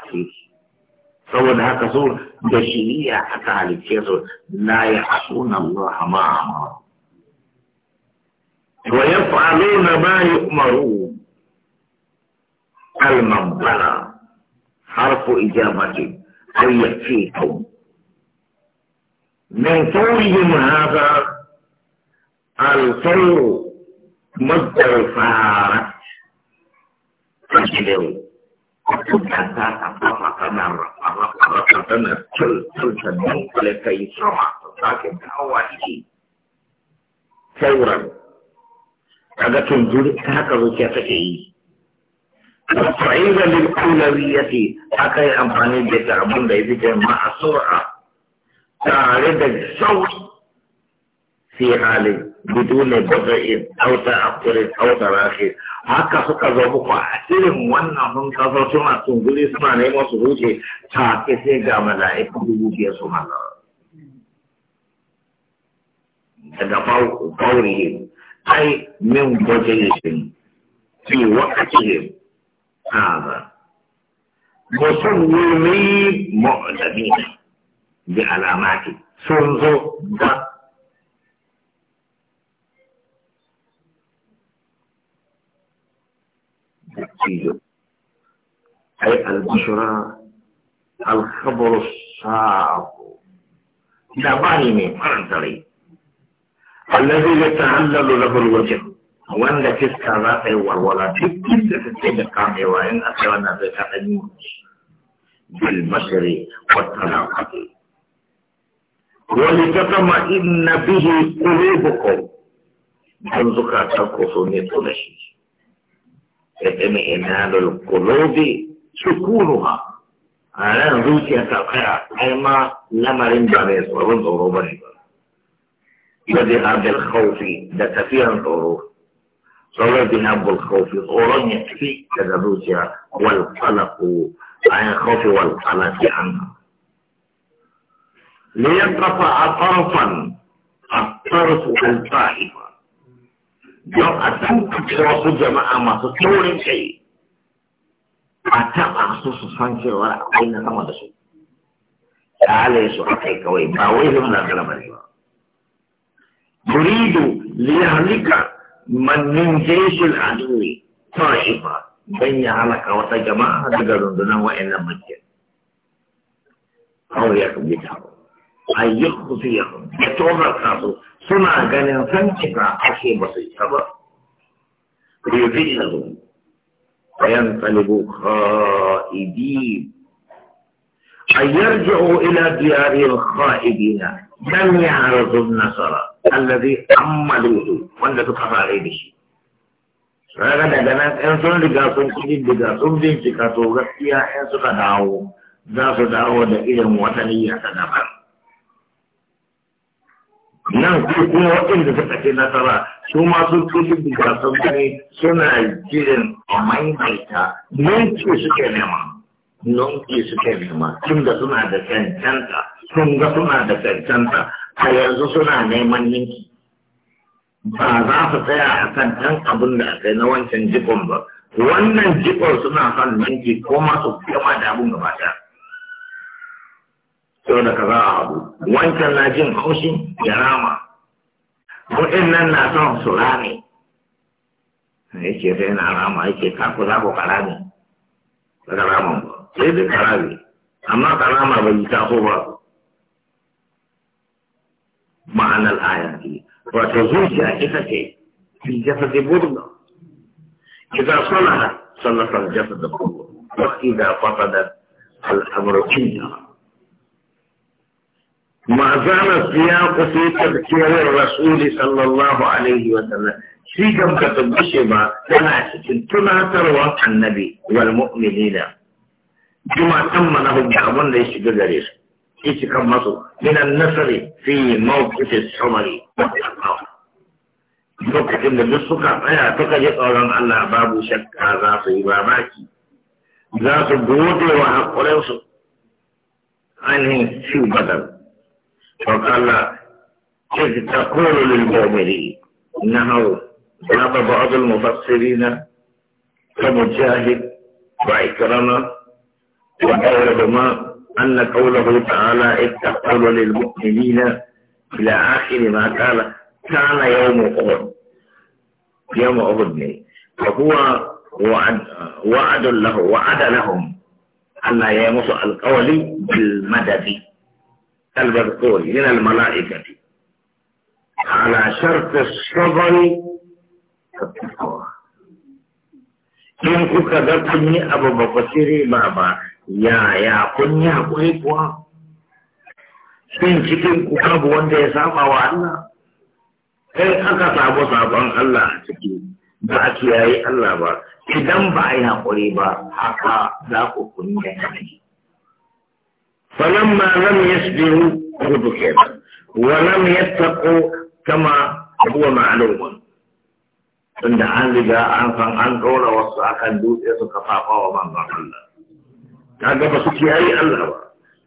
saboda haka so da shiriya aka halicce su la ya asuna Allah ma amara wa yaf'aluna ma yu'maru kalman bara harfu ijabati aw yakfikum من فورهم هذا الفور مصدر فارت تجلو kudanta a sama tana rafa tana tulta dunkule ta yi sama ta sake dawowa ciki sauran kaga tunzuri ta haka zuciya take yi fa'i da lilkulawi ya ce aka yi amfani da ta abin da ya fi a tare da sauri fi بدون بغي أو تأخر أو تراخي haka suka zo muku a irin wannan sun kaso suna tunguli suna neman su wuce take sai ga mala'iku dubu biyar su mana daga faurihin ai min bajalishin fi wakatihim hada musulmi mu'adabina bi alamati sun zo da تكتيل أي البشرى الخبر الصعب إلى باري من فرد لي الذي يتعلل له الوجه وأن لك استعراف والولا تكتل تكتل قام وإن أخيرنا بتعلمون بالبشر والتلاقات ولتطمع إن به قلوبكم منذ كاتركوا في نيطو إنهال القلوب سكونها على روسيا تلقى أيما لما رنجاريس ورن أوروبا نقول يدي هذا الخوف ده تفيها الظروف صلى بنا الخوف ورن يكفي كذا روسيا والقلق أي الخوف والقلق عنها ليطرف أطرفا الطرف الطائفة don a tantace wasu jama'a masu taurin kai a taɓa su su san cewa akwai na sama da su ƙyale su a kai kawai ba wai zama da galaba ne ba buridu liyalika mannin jeshin aduwi ta'ifa don ya halaka wata jama'a daga rundunar nan mace kawai ya kubi taro a yi kufiya ya tozarta kasu suna ganin san cika ake ba su isa ba Rufi da su bayan talibu kha'idi a yarji'u ila diyarin kha'idina dan ya harzun nasara allazi ammaluhu wanda suka fara da shi Raga daga nan 'yan sun riga sun kudin daga sun bincika to gaskiya yan suka dawo za su dawo da irin wata niyya ta daban nan ko kuma waɗanda suka ce nasara su ma sun tushe da sun gani suna jirin maimaita ke suke nema ke suke nema tun da suna da cancanta tun ga suna da cancanta a yanzu suna neman ninki ba za su tsaya a kan ɗan abin da aka yi na wancan jikon ba wannan jikon suna son ninki ko ma su gama da abin gaba sau da kaza a abu wancan na jin haushi ya rama kuɗin nan na son su rame yake sai na rama yake kaku za ku karame daga raman ba sai dai karame amma karama bai yi taso ba ma'anar ayati wato zuciya ita ce fi jasadi burga idan salaha sallafa jasadi burga wa idan fasadat al'amurkin jama'a ما زال السياق في تذكير الرسول صلى الله عليه وسلم في كم كتب الشبا أنا تنا تروى النبي والمؤمنين تم له بعض ليس بغريس إيش كم من النصر في موقف السمر lokacin da duk suka tsaya suka ji tsoron Allah babu shakka za su yi babaki za su gode wa haƙurinsu ainihin shi badar فقال إذ تقول للمؤمنين إنه ذهب بعض المفسرين كمجاهد وإكرمة وغيرهما أن قوله تعالى إذ تقول للمؤمنين إلى آخر ما قال كان يوم أحد يوم أحد فهو وعد, وعد له وعد لهم أن يمس القول بالمدد المذكور من الملائكة على شرط الصبر والتقوى in kuka ga kunyi yi abu ba ku ba ya ya shin cikin ku babu wanda ya saba wa Allah kai aka samu sabon Allah a ciki ba a kiyaye Allah ba idan ba a yi haƙuri ba haka za ku kunya ne فلما لم يسجدوا خذوا كذا ولم يتقوا كما هو معلوم عند an riga an san an ɗora wasu akan dutse suka fafa wa manzon Allah kaga ba su kiyaye Allah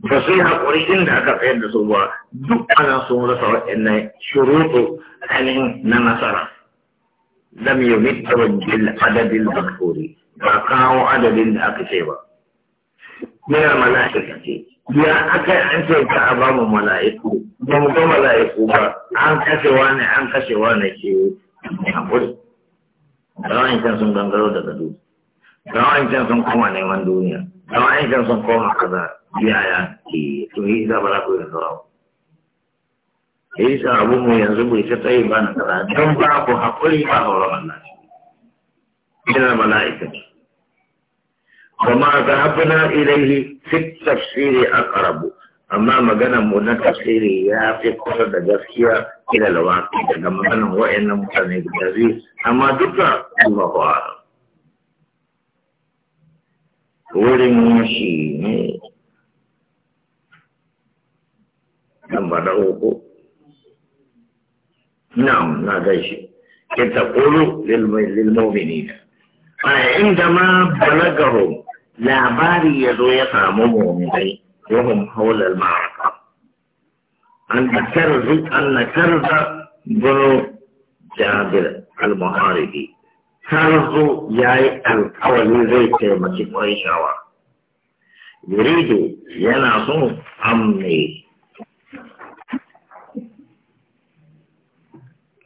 ba ba yi haƙuri inda aka tsayar da su ba duk ana sun rasa waɗannan shuruɗu ainihin na nasara lam yumit tawajjil adadil makfuri ba kawo adadin da aka ce ba min al-mala'ikati ya aka an ce ka a ba mu mala'iku ba mu ga mala'iku ba an kashe wani an kashe wani ke haƙuri rawan can sun gangaro daga dutse rawan can sun koma neman duniya rawan can sun koma kaza biyaya ke to yi isa ba za ku yi rawa ya yi abu mu yanzu bai ta tsaye ba na kaza don ba ku haƙuri ba hauran Allah ina mala'ika وما ذهبنا إليه في التفسير أقرب أما جانا من التفسير يا في قصة جسكية إلى الواقع كما أنا هو إن متنك جزي أما دكا الله أعلم ولمشي نعم أوكو نعم هذا شيء تقول للمؤمنين آه، عندما بلغهم labari ya zo ya samu mummai wahum haular ma'aka an karzu an na karza bunu jabir al-muharibi karzu ya yi alkawali zai taimaki kwaishawa yuridu yana son amme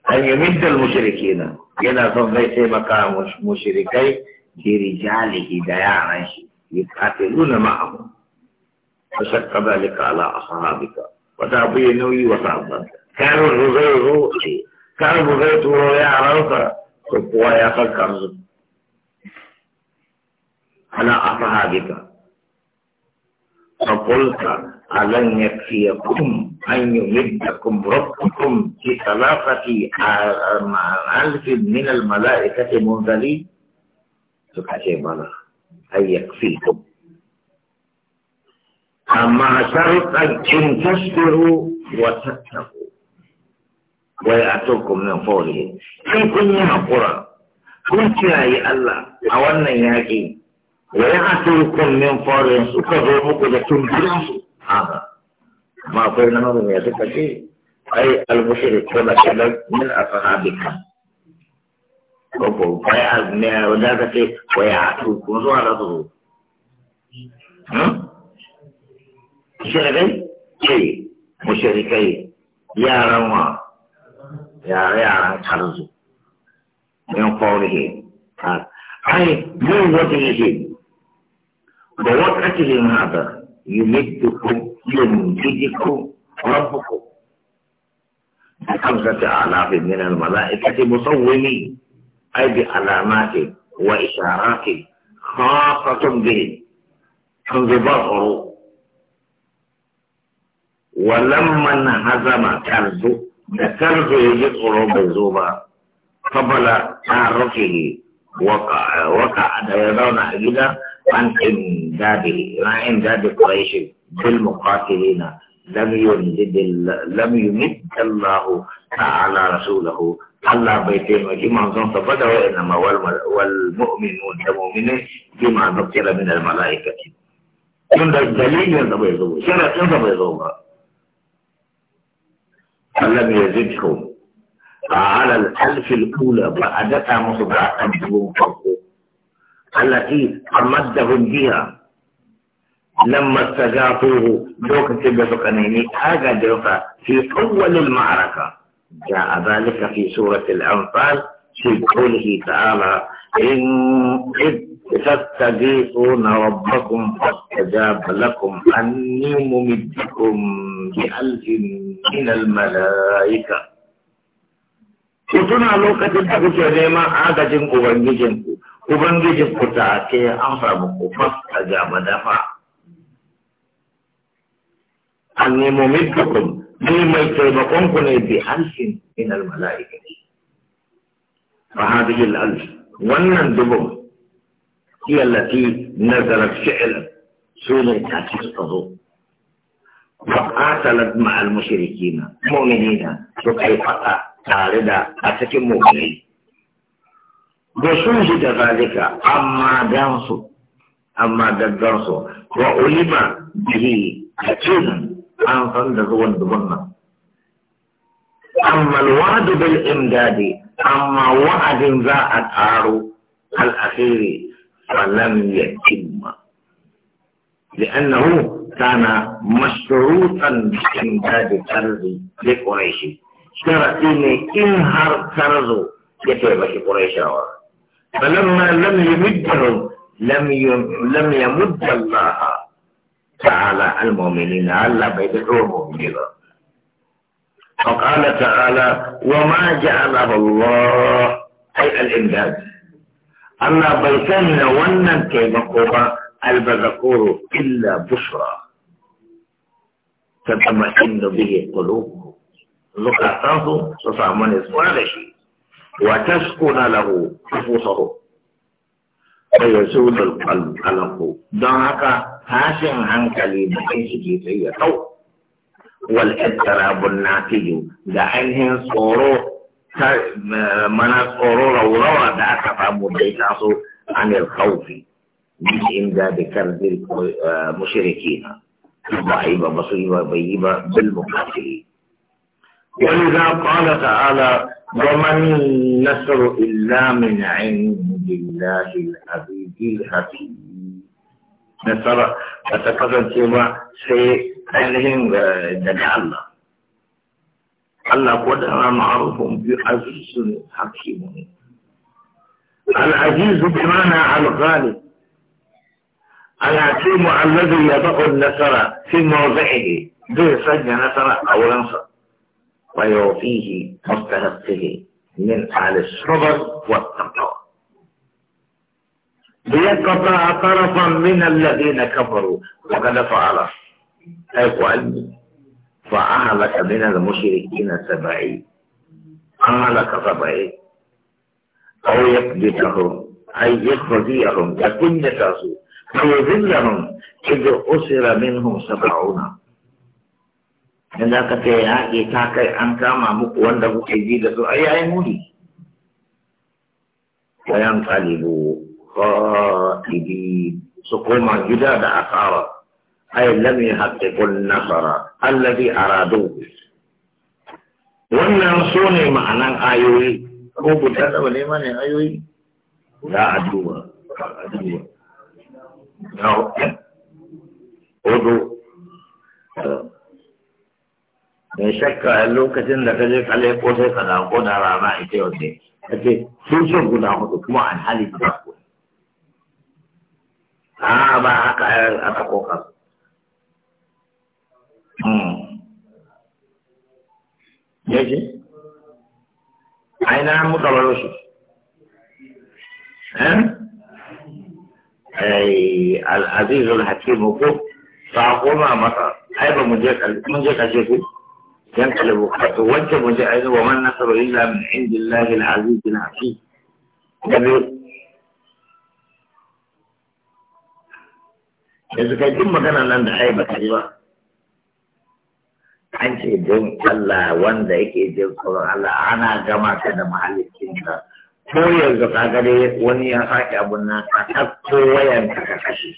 an yi middal mushrikina yana son zai taimaka mushrikai برجاله ديانا يقاتلون معه فشق ذلك على أصحابك وتعطي نوي وتعطي كانوا روحي كانوا الرزيرو يا عرفة كفوا يا فكر على أصحابك فقلت ألن يكفيكم أن يمدكم ربكم بثلاثة ألف من الملائكة منزلين suka ce mana ai yakfikum amma sharɗan in tasbiru wa tattaku wa ya'tukum min fawlihi in kun yi hakura kun kiyaye Allah a wannan yaƙi wa ya'tukum min fawlihi suka zo muku da tumburin su a'a amma akwai namu ne suka ce ai al-mushrikuna kadan min ashabika Koko kwaya ne wanda ka ce kwaya to kuma ala za su zo hmm? mushrikai ce mushrikai yaran wa yara yaran tarzu min qawlihi ai mun wata yake da waqatihim hada yumiddukum yumdidukum rabbukum بخمسة آلاف من الملائكة مصومين أي بعلامات وإشارات خاصة به انضباطه ولما انهزم كرز كرز يجد قلوب الزوبة قبل تعرفه وقع وقع يرون أجدا عن إمداده عن إمداد قريش بالمقاتلين لم يمد لم يمد الله تعالى رسوله على بيتين وجمع صنف فده وإنما والمؤمن والمؤمن جمع نقل من الملائكة من الدليل ينضبيضوه شرع ينضبيضوه فلم يزدكم على الألف الأولى بعدتها مصدع أبدوا فوقه التي أمدهم بها لما استجاطوه دوك تبقى فقنيني هذا دوك في أول المعركة جاء ذلك في سورة الأنفال في قوله تعالى إن إذ تستغيثون ربكم فاستجاب لكم أني ممدكم بألف من الملائكة ku tuna lokacin da kuke neman agajin ubangijinku ubangijinku ta ke an samu ku fasta ga madafa an nemo middukum ni mai taimakon ku ne bi alfin min al mala'ikati fa hadhihi al alf wannan dubun hiya allati nazalat fi'lan sunan ta tsaro fa'atalat ma al mushrikina mu'minina to kai fata tare da a cikin mu'minai da sun shi da zalika amma dan su amma daddan su wa ulima bihi hakiman an san da ruwan dubun nan amma alwadu bil imdadi amma wa'adin za a ƙaro falam لأنه كان مشروطا بإمداد كرزي لقريشي شرطين إنهار كرزو يتوبة قريشا فلما لم يمدهم لم يمد الله تعالى المؤمنين على بيت المؤمنين فقال تعالى وما جعله الله أي الإمداد ألا بيتنا ونن كي مقوبة البذكور إلا بشرى تطمئن به قلوبه زكاته تصامن إصباره وتسكن له نفوسه فيزول القلب قلقه دعك هاشم عن كلمة يجي في طو والاضطراب الناتج دعينه صورو من صورو لو روى ذاك فمديتاسو عن الخوف مش إمداد كرد المشركين آه، ضعيبة بصيبة بيبة بالمقاتلين ولذا قال تعالى ومن النصر إلا من عند الله العزيز الحكيم nasara ba ta kasance ba sai ainihin daga Allah. Allah ko da na ma'arufin bi azizun hakimun. Al'azizu bi mana al-ghalib. Al-hakimu allazi yad'u an-nasara fi mawdi'ihi. Zai sanya nasara a wurinsa. Wa yawfihi mustahiqihi min ahli as-sabr wa at-taqwa. ليقطع طرفا من الذين كفروا وقد فعل أيق علمي فأهلك من المشركين سبعين أهلك سبعين أو يقبضهم أي يخفيهم لكن تاسو أو يذلهم إذ أسر منهم سبعون إن ذاك تياكي تاكي أنت ما مكوان أي مولي وينقلبوا القائدين سقوما جداد أثارا أي لم يحققوا النصر الذي أرادوه wannan su ne ma'anan ayoyi ko guda da wale ne ayoyi za a duba na hudu mai shakka lokacin da ka je kalle ko sai ka da ko da rana ita yau ne ka ce sun guda hudu kuma an hali guda hudu a ba haka a sako ka yake a ina muka baro shi eh? ai al ko ba goma masa ai ba mu je mun je kaje ku ينقلب وجه مجاهده ومن نصر الا من عند الله العزيز الحكيم yanzu kai duk magana nan da ai ba yi ba an ce don Allah wanda yake jin tsoron Allah ana gama ta da mahallicin ka ko yanzu ka ga dai wani ya sake abun nan ka tafko wayan ka ka kashe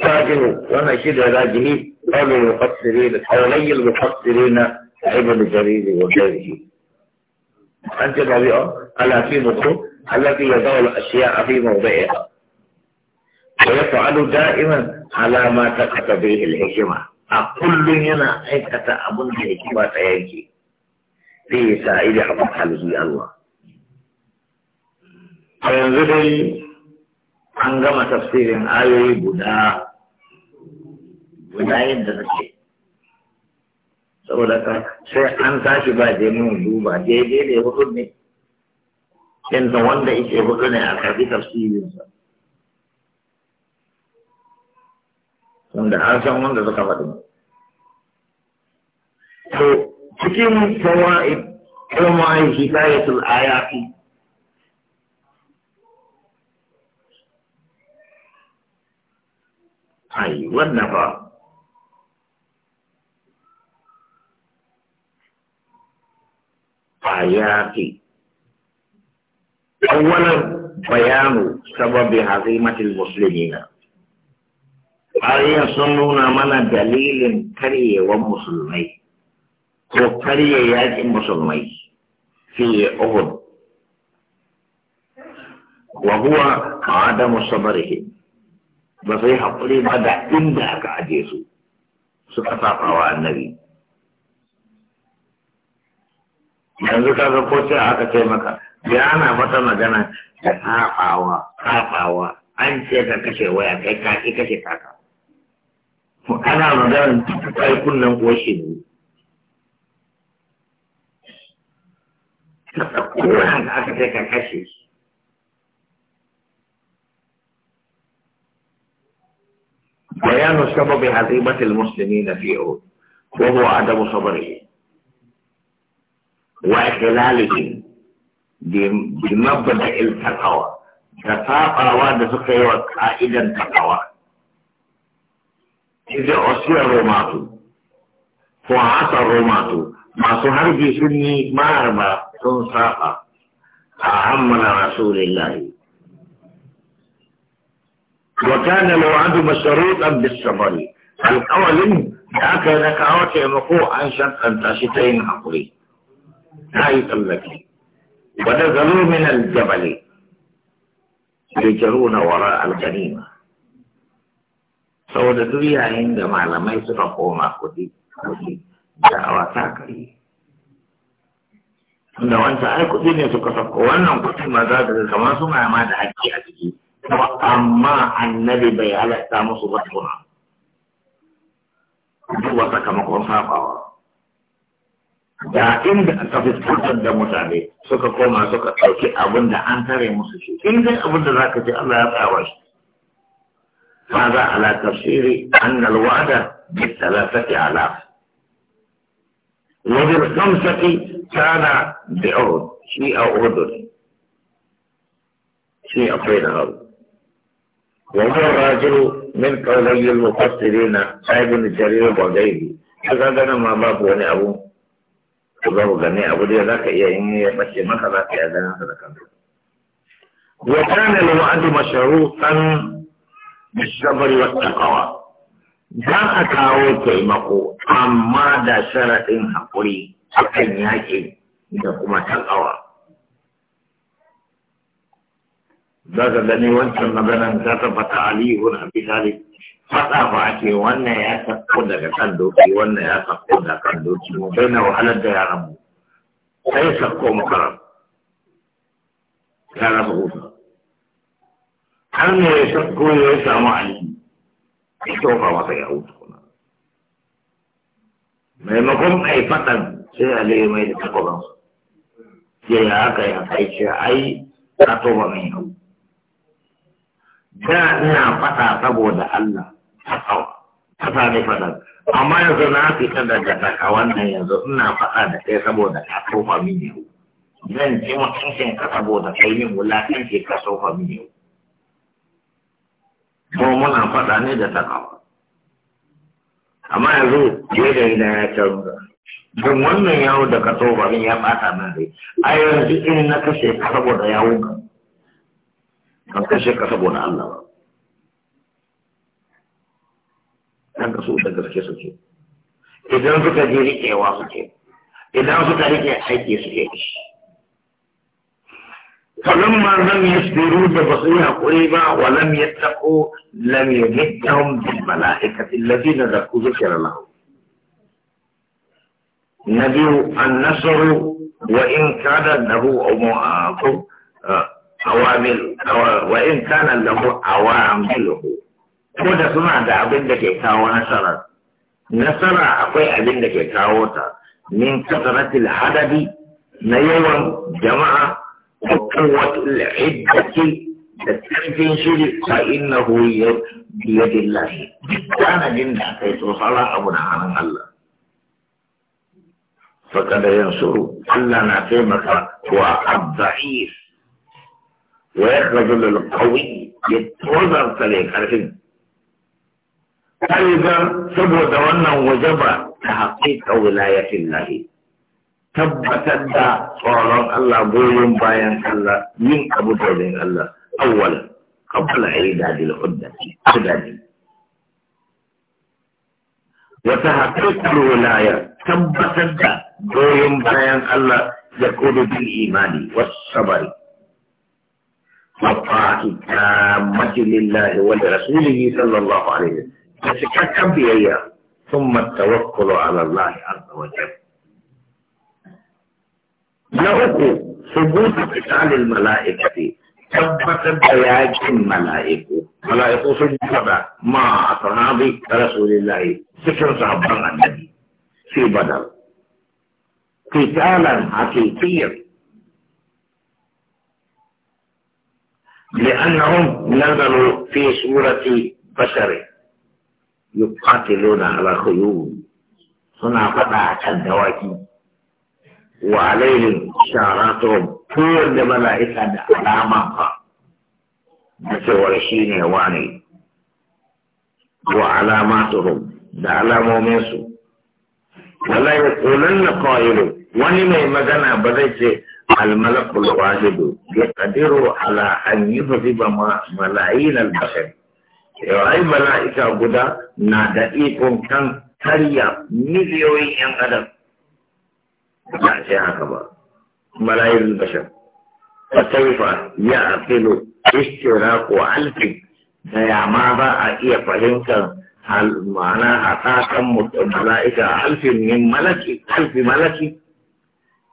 ta gina wannan shi da rajini kawai ya fassire da kawalayyar da fassire na aibu da jariri wa jariri an ce ga biyo fi mutu alafi ya zaula a shiya afi mawa ba'i'a ويفعل دائما على ما تقتضيه الحكمة أقول هنا أنت أبن الحكمة يجي في سائر A الله فينظر an gama tafsirin ayoyi guda guda nake saboda ka sai an tashi ba je mun duba daidai da ya hudu ne yanzu wanda yake hudu ne a karfi tafsirinsa wanda an san wanda suka faɗi to cikin fawaid kuma hidayatul ayati ai wannan fa ayati awwalan bayanu sababi hazimatil muslimina عليه يصلون من دليل كري ومسلمي وكري يأتي يعني مسلمي في أهد وهو عدم صبره بصيح قلي بدع إنده كعجيسو سكتا قوى النبي من يعني ذكا ذكوتي آكا تيمكا جانا فتنا جانا تقاقا وقاقا وانسيكا كشي ويا كيكا كيكا كيكا كيكا ana magana duk kai kunnan kuwa shi ne aka ka kashe بيان سبب عظيمة المسلمين في أود وهو عدم صبرهم وإخلالهم بمبدأ التقوى تفاقى وادسك وقائدا تقوى إذا أسير الرومات فعاصى الرومات ما سهر في سني ما أربى سنساقا أعمل رسول الله وكان لو الوعد مشروطا بالسفر الأول داك لك اوكي مقوع عن شرط أن تشتين عقلي هاي التي ونزلوا من الجبل يجرون وراء الغنيمة saboda duk yayin da malamai suka koma kuɗi da awa ta kai da wancan ai kuɗi ne suka sako wannan kuɗi ma za ka kamar suna ma da haƙƙi a ciki amma annabi bai halatta musu ba tuna duba sakamakon sabawa da inda aka fuskantar da mutane suka koma suka ɗauki abin da an tare musu shi in dai abin da za ka ce Allah ya tsawa shi هذا على تفسير أن الوعد بالثلاثة آلاف وبالخمسة كان بعهد شيء أردن شيء بين الأرض وهو الراجل من قولي المفسرين ابن جرير وغيره هذا أنا ما باب وني أبو وباب غني أبو دي ذاك إيه إني مشي ما خلاك يا ذاك وكان الوعد مشروطا بالصبر والتقوى ذا أكاو تيمقو أما دا شرع حقري حقا يأكي إذا تقوى ذا دني وانت مدنا كتب تعليه بذلك فتا فاكي وانا يا تقود كتندوكي وانا يا تقود كتندوكي مبين وحلا دا يا رب سيسكو مقرب كان أبغوثنا har ne ya shakko ya samu aliki ya tofa masa ya hutu kuna maimakon ai faɗan sai aliyu mai da takwabansa ya yi haka ya kai ce ai ka tofa mai yau da ina faɗa saboda Allah ta tsawa ta sami faɗan amma yanzu na fita daga daga wannan yanzu ina faɗa da kai saboda ka tofa min yau zan ce mutuncin ka saboda kai min ke ka tofa min yau faɗa ne da takawa amma yanzu yadda da ya canza don wannan yawo da ka tsoba ya ɓata nan dai a yanzu in na kashe ka saboda yawon ka kan kashe ka saboda Allah ba kan ka so da gaske suke idan suka je riƙewa suke idan suka riƙe aiki suke shi فلما لم يصبروا ببصرها قريبا ولم يتقوا لم يمدهم بالملائكة الذين ذكر لهم نبي النصر وإن كان له أوامل وإن كان له أوامله كودا سمع دا أبين دا كي كاو نصر نصر أقوي أبين دا كي كاو من كثرة العدد نيوم جماعة وقوة العدة تتكفين شيء فإنه بيد الله كان جنة حيث صلى أبنا عن الله فقد ينصر ألا نعتمك والضعيف ويخرج للقوي يتوزر تليك عرفين فإذا سبو دوانا وجب تحقيق ولاية الله tabbatar da tsoron Allah goyon bayan Allah yin abu domin Allah awwal qabl idadi al-uddati idadi wa tahqiqul wilaya tabbatar da goyon bayan Allah ya kudu bil imani was sabr wa ta'ata majlillahi wa rasulihi sallallahu alaihi wa sallam biyayya ثم التوكل على الله عز وجل لهو ثبوت قتال الملائكة ثبت بياج الملائكة ملائكة سجد مع أصحاب رسول الله سكر صحابة النبي في بدر قتالا حقيقيا لأنهم نزلوا في سورة بشر يقاتلون على خيول هنا قطع الدواكي wa alaihim sharatu kowanne mala'ika da alama fa da cewar shi ne wane wa alamatuhum da alamominsu wala ya kunan na kawairo wani mai magana ba zai ce almalakul wahidu ya kadiru ala an yi fafi ba mala'in albashar yau ai mala'ika guda na da ikon kan karya miliyoyin yan adam ba sai haka ba malayin bashar fasaifa ya afilu istira ko alfin da ma ba a iya fahimtar ma'ana a tsakan mala'ika alfin min malaki alfi malaki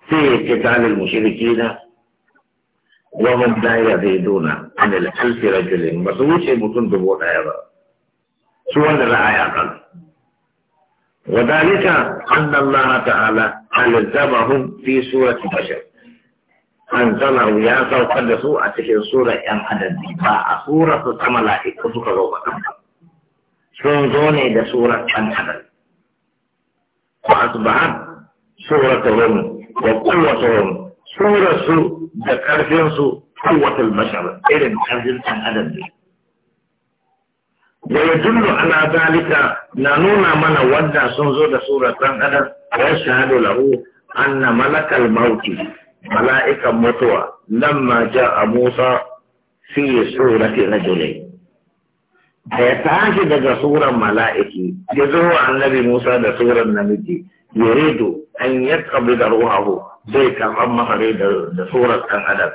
sai ya ce talil mushiriki na Wani daya zai dona an alfi rajulin ba su wuce mutum dubu daya ba su wanda za a yi akalu Wadalika an nan lana ta ala alizama hun fi ya zaukar da su a cikin sura ‘yan adadi ba a sura su sama la’iku suka zo ba kanta. Sun zo ne da sura ‘yan adadi. Ko a su ba ha, sura ta rumu, ko kowace rumu, sura su da karfinsu kowace bashar irin karfin ‘yan adadi. Wa ya ala zalika na nuna mana wanda sun zo da surar dan adam ya shahadu lahu anna malakal mauti mala'ikan mutuwa nan ja a Musa fi surati rajulin da ya tashi daga surar mala'iki ya zo wa annabi Musa da surar namiji redo an kabi da ruhahu zai karɓar mahare da surar ɗan adam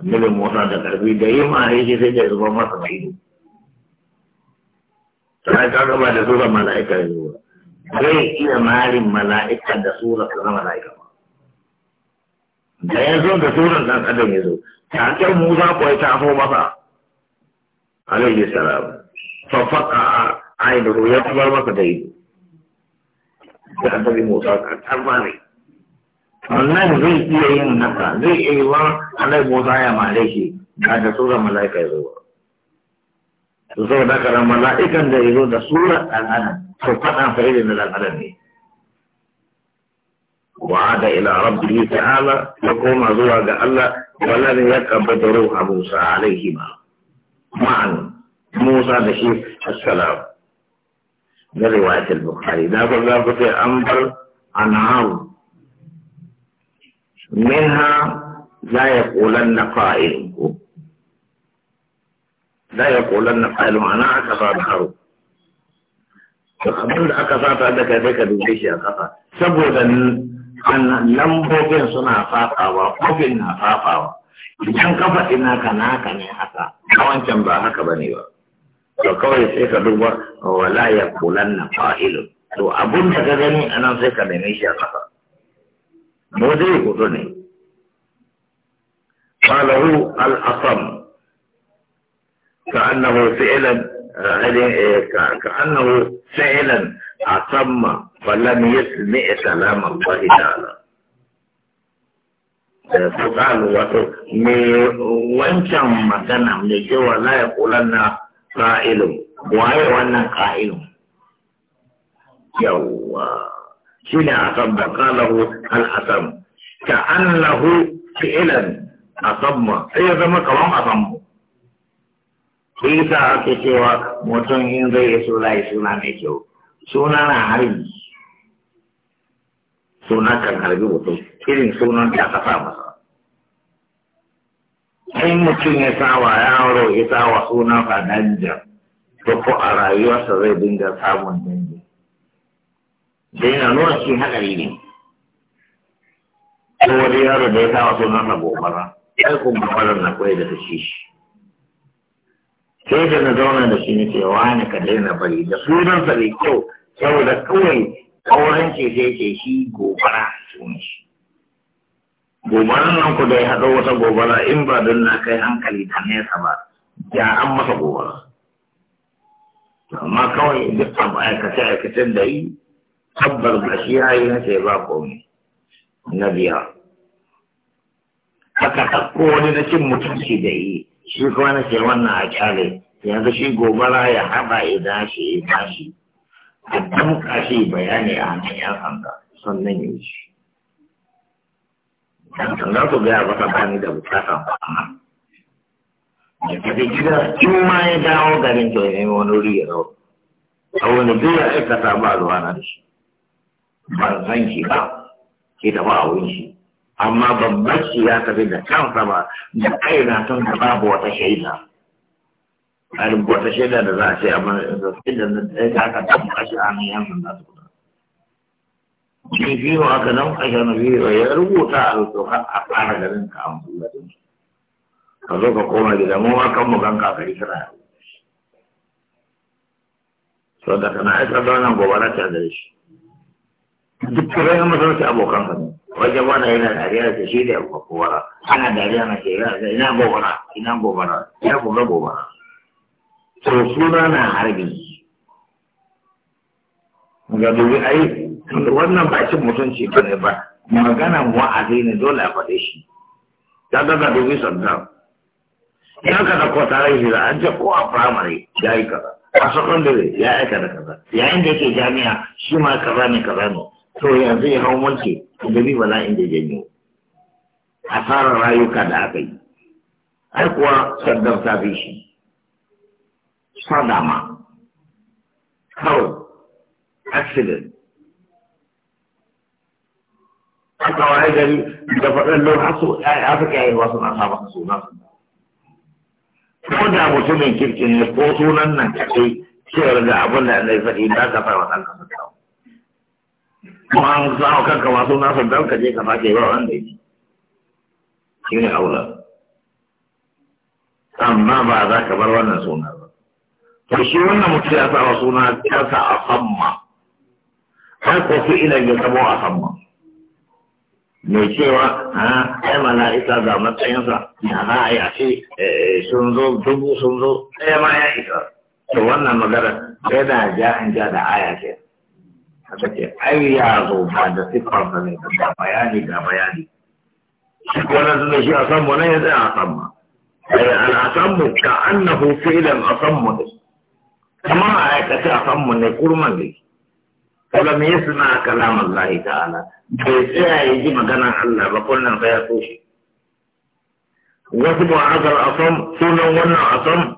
annabi musa da karfi da yi ma shi sai da zuba masa da ido sai ka gaba da sura mala'ika ya zuwa zai iya marin mala'ika da sura na mala'ika ba da ya zo da suran dan adam ya zo ta musa kuwa ta hau masa alaihi salam fa faqa ainihu ya tabar masa da ido da annabi musa ka tarba ne wannan zai iya yin naka zai iya yiwa alai bota ya malaiki ga da sura malaika ya zuwa su sau da karan malaikan da ya zo da sura al'ada su faɗa faɗi na al'ada ne wa da ila rabbi ni ta'ala ya koma zuwa ga Allah Wala ne ya kabbata ruha Musa alaihi ma ma'an Musa da shi assalam da riwayat al-bukhari da ga ga sai an bar an ha'u منها لا يقولن قائل لا يقولن قائل أنا أكفى بحر abin da aka fata da kai ka dube shi a kafa saboda lambobin suna fafawa kofin na fafawa idan kafa ina ka naka ne haka a ba haka ba ne ba to kawai sai ka duba wala ya kulan na fa'ilun to abin da ka gani anan sai ka neme shi a kafa mɔdé yìí kò tó ni kpalahu al-asam kànáwó fiilan ɛdín eh, ɛ eh, kànáwó fiilan asamma falami yesu ni ɛsalama bari taala ɛ eh, fukaalu wato wancan magana mi jẹ walaayi kula na kaa ilu buhari wannan kaa ilu yawwa. shine asabba qalahu al asam ka annahu fi'lan asamma sai ya zama kaman asamma sai yasa ake cewa mutum in zai yi suna yi suna mai kyau suna na harbi suna kan harbi mutum irin sunan da aka sa masa in mutum ya sa wa yaro ya sa wa suna fa danja to ko a rayuwarsa zai dinga samun danja da yana nuna shi haɗari ne ko wani yaro da ya kawo nan na gobara yi kuma gobarar na kwaye da ta ci shi sai da na zauna da shi nake wani ka daina bari da sunan sa mai kyau saboda kawai kauran ce sai ce shi gobara sunan shi Gobaran nan ku da ya haɗa wata gobara in ba don na kai hankali da nesa ba da an masa gobara amma kawai duk abu aikace-aikacen da yi tabbas ba shi ya yi nace ba komai na biya aka ɗauko wani na cin mutunci da yi shi kuma na ce wannan a kyale yanzu shi gobara ya haɗa idan shi ya tashi a damka shi bayani a hannun yan sanda sannan ya shi dan sanda ku gaya ba ta bani da bukata ba amma ya tafi gida in ma ya dawo garin to ya nemi wani wuri ya rau a wani duk ya aikata ba ruwa na da shi ban zan shi ba ke tafi a wurin shi amma ban shi ya tafi da kansa ba da na tun da babu wata shaida a wata shaida da za a ce amma da shaida na ɗaya ta aka a shi a nan yanzu za su kuɗa shi biyu aka nan ƙashe na biyu ya rubuta a rubuta a fara garin ka an bula ka zo ka koma gida mu ma kan mu gan kakari kana yau. Sau da kana aika zaunan gobara ta da shi. duk kare na masarauci abokan ka ne wajen wani yana dariya da shi da yawa kowa ana dariya na ke yana ina gobara ina gobara ya buga gobara to suna na harbi ga dubi ai wannan ba cin mutunci ba ne ba maganan wa'azi ne dole a faɗe shi ta daga dubi sanda ya ka da ko tare shi da an ce ko a firamare ya yi kaza a sakandare ya aika da kaza yayin da yake jami'a shi ma kaza ne kaza ne to yanzu ya hau mulki gani bala'in da janyo asarar rayuka da aka yi ai kuwa saddam ta fi shi sadama kawai accident aka waye gari da faɗin lokacin afirka yi wasu na sabon sunan ko da mutumin kirkin ne ko sunan nan kaɗai cewar da abin da na faɗi ba aka fara wasan kasa kawo kuma an za a kanka masu nasa don ka je ka sake ba wanda yi shi ne aula amma ba za ka bar wannan suna ba to shi wannan mutum ya sa suna ya sa a samma har ko fi ina ya zama a samma mai cewa a ai mala'ika ga matsayinsa ya za a yi a ce eh, sun zo dubu sun zo ɗaya ma ya isa to wannan magana yana ja in ja da aya kenan حتى أي عضو بعد فكرة من الدبيان الدبيان ولا تدشي أصم ولا يدع أصم أي الأصم كأنه فعلا أصم كما أكت أصم من كرما لي ولم يسمع كلام الله تعالى بس أي دي مكان الله بقولنا غير توشي وسبع عشر أصم سنة ونا أصم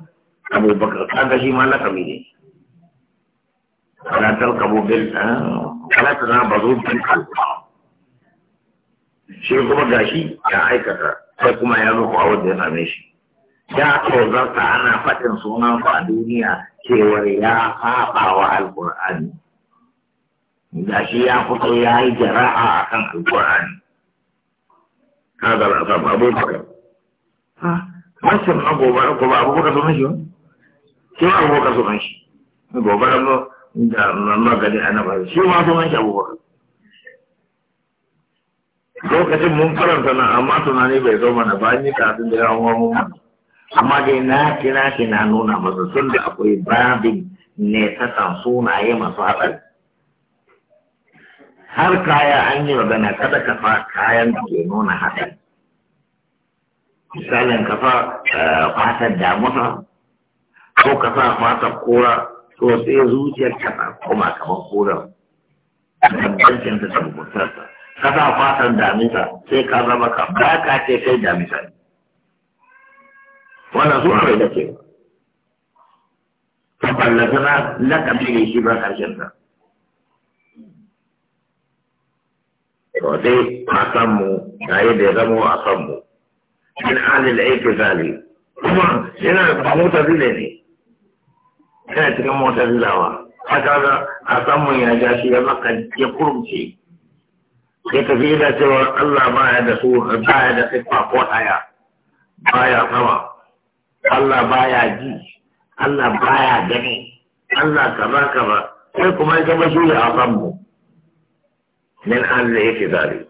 أبو بكر كان شيء ما لك ميلي ولا تلقبوا بال ولا تنابذوا بالألقاب شيء ya قاشي يا kuma فكما ya أود يناميشي ya tozarta ana faɗin sunan a duniya cewar ya haɓa wa alƙur'ani Gashi shi ya fito ya yi jara'a a kan alƙur'ani ka zara a ba abubakar mashin na gobara ko ba abubakar sunan shi ba ke ba abubakar sunan shi gobara no da magani a shi ma sunan shi abubakar lokacin mun karanta na amma tunani bai zo mana ba ni kafin da yawon wani amma dai na kira shi na nuna masa sun da akwai babin ne ta san sunaye masu haɗari har kaya an yi magana kada ka fa kayan da ke nuna haɗari misalin ka fa eh, fatar ko ka fa fatar kura to sai zuciyar ka ta koma kamar koran tabbatin da tabbatarsa ka sa fatan damisa sai ka zama ka ba ka ce kai damisa ne wannan su kawai da ke ta ballata na lakabi ne shi ba karshen ta to dai a san mu yayi da ya zama a san mu min alil aiki zali kuma yana ba mota zile ne yana cikin motar zilawa haka ga a samun ya ja shi ya baka ya kurumce ya tafi da cewa Allah baya da su ya da sifa ko daya ya sama Allah baya ji Allah baya gani Allah kaza kaza sai kuma ya gama shi ya samu min an da yake zari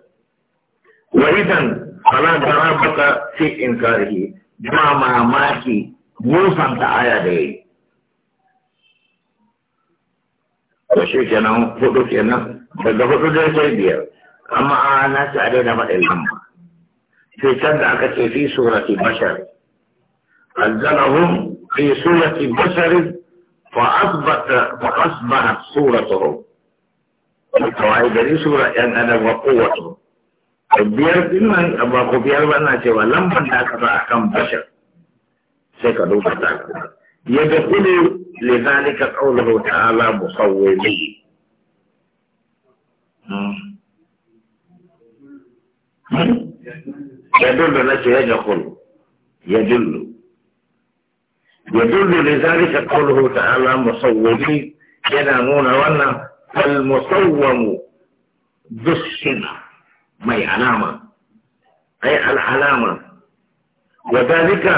wa idan fala darabaka fi inkarihi ba mamaki musanta aya da yayi to shi kenan hudu kenan daga hudu da sai biyar amma ana ci a daina faɗin lamba sai can da aka ce fi surati bashar anzalahum fi surati bashar fa asbata fa asbahat suratuhum kawai gari sura yan adam wa kowato biyar din nan ba ku biyar ba na cewa lamban da aka sa akan bashar sai ka duba ta يدخل لذلك قوله تعالى مصوبي يدل لك يدخل يدل يدل لذلك قوله تعالى مصوبي ينامون وانا فالمصوم ذو السنة ما علامة أي العلامة وذلك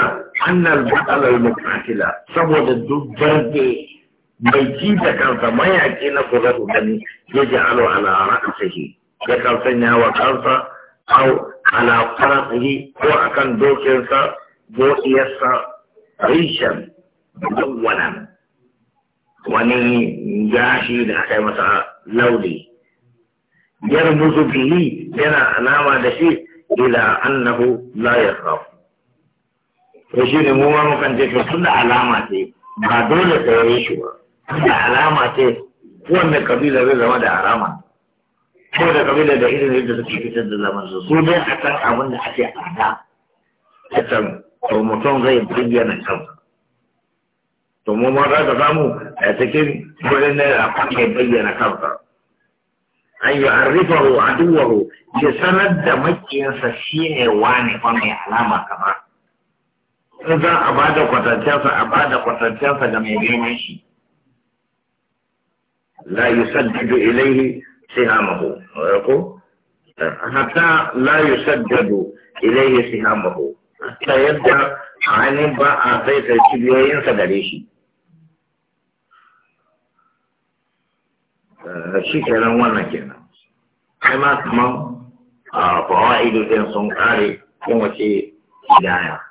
annal matsalar mukatila saboda duk barbe mai ci da kansa mayaƙi na kula da gani ya ji alo a ra'asihi ya kan sanya wa kansa au ala farasihi ko akan dokinsa godiyarsa rishan dawwalan wani gashi da aka yi masa lauli yarmuzu bihi yana alama da shi ila annahu la yakhaf to shi ne mu ma mukan ce to da alama ce ba dole ta yi shi ba da alama ce wanne kabila zai zama da alama ko da kabila da irin yadda suke fitar da zaman su su dai a kan abin da ake ada a can to mutum zai bayyana kan to mu ma za ka samu a cikin wurin da akwai bayyana kansa an yi a duwaro ke sanar da makiyansa shine wane ba mai alama kamar in za a ba da kwatancensa a ba da kwatancensa ga mai girman shi la yusaddidu ilaihi sihamahu eh, ko hatta la yusaddidu ilaihi sihamahu ta yadda ainihin ba a sai sai sa gare shi eh, shi kenan wannan kenan kai ma kamar a ah, ido din sun kare kuma ce hidaya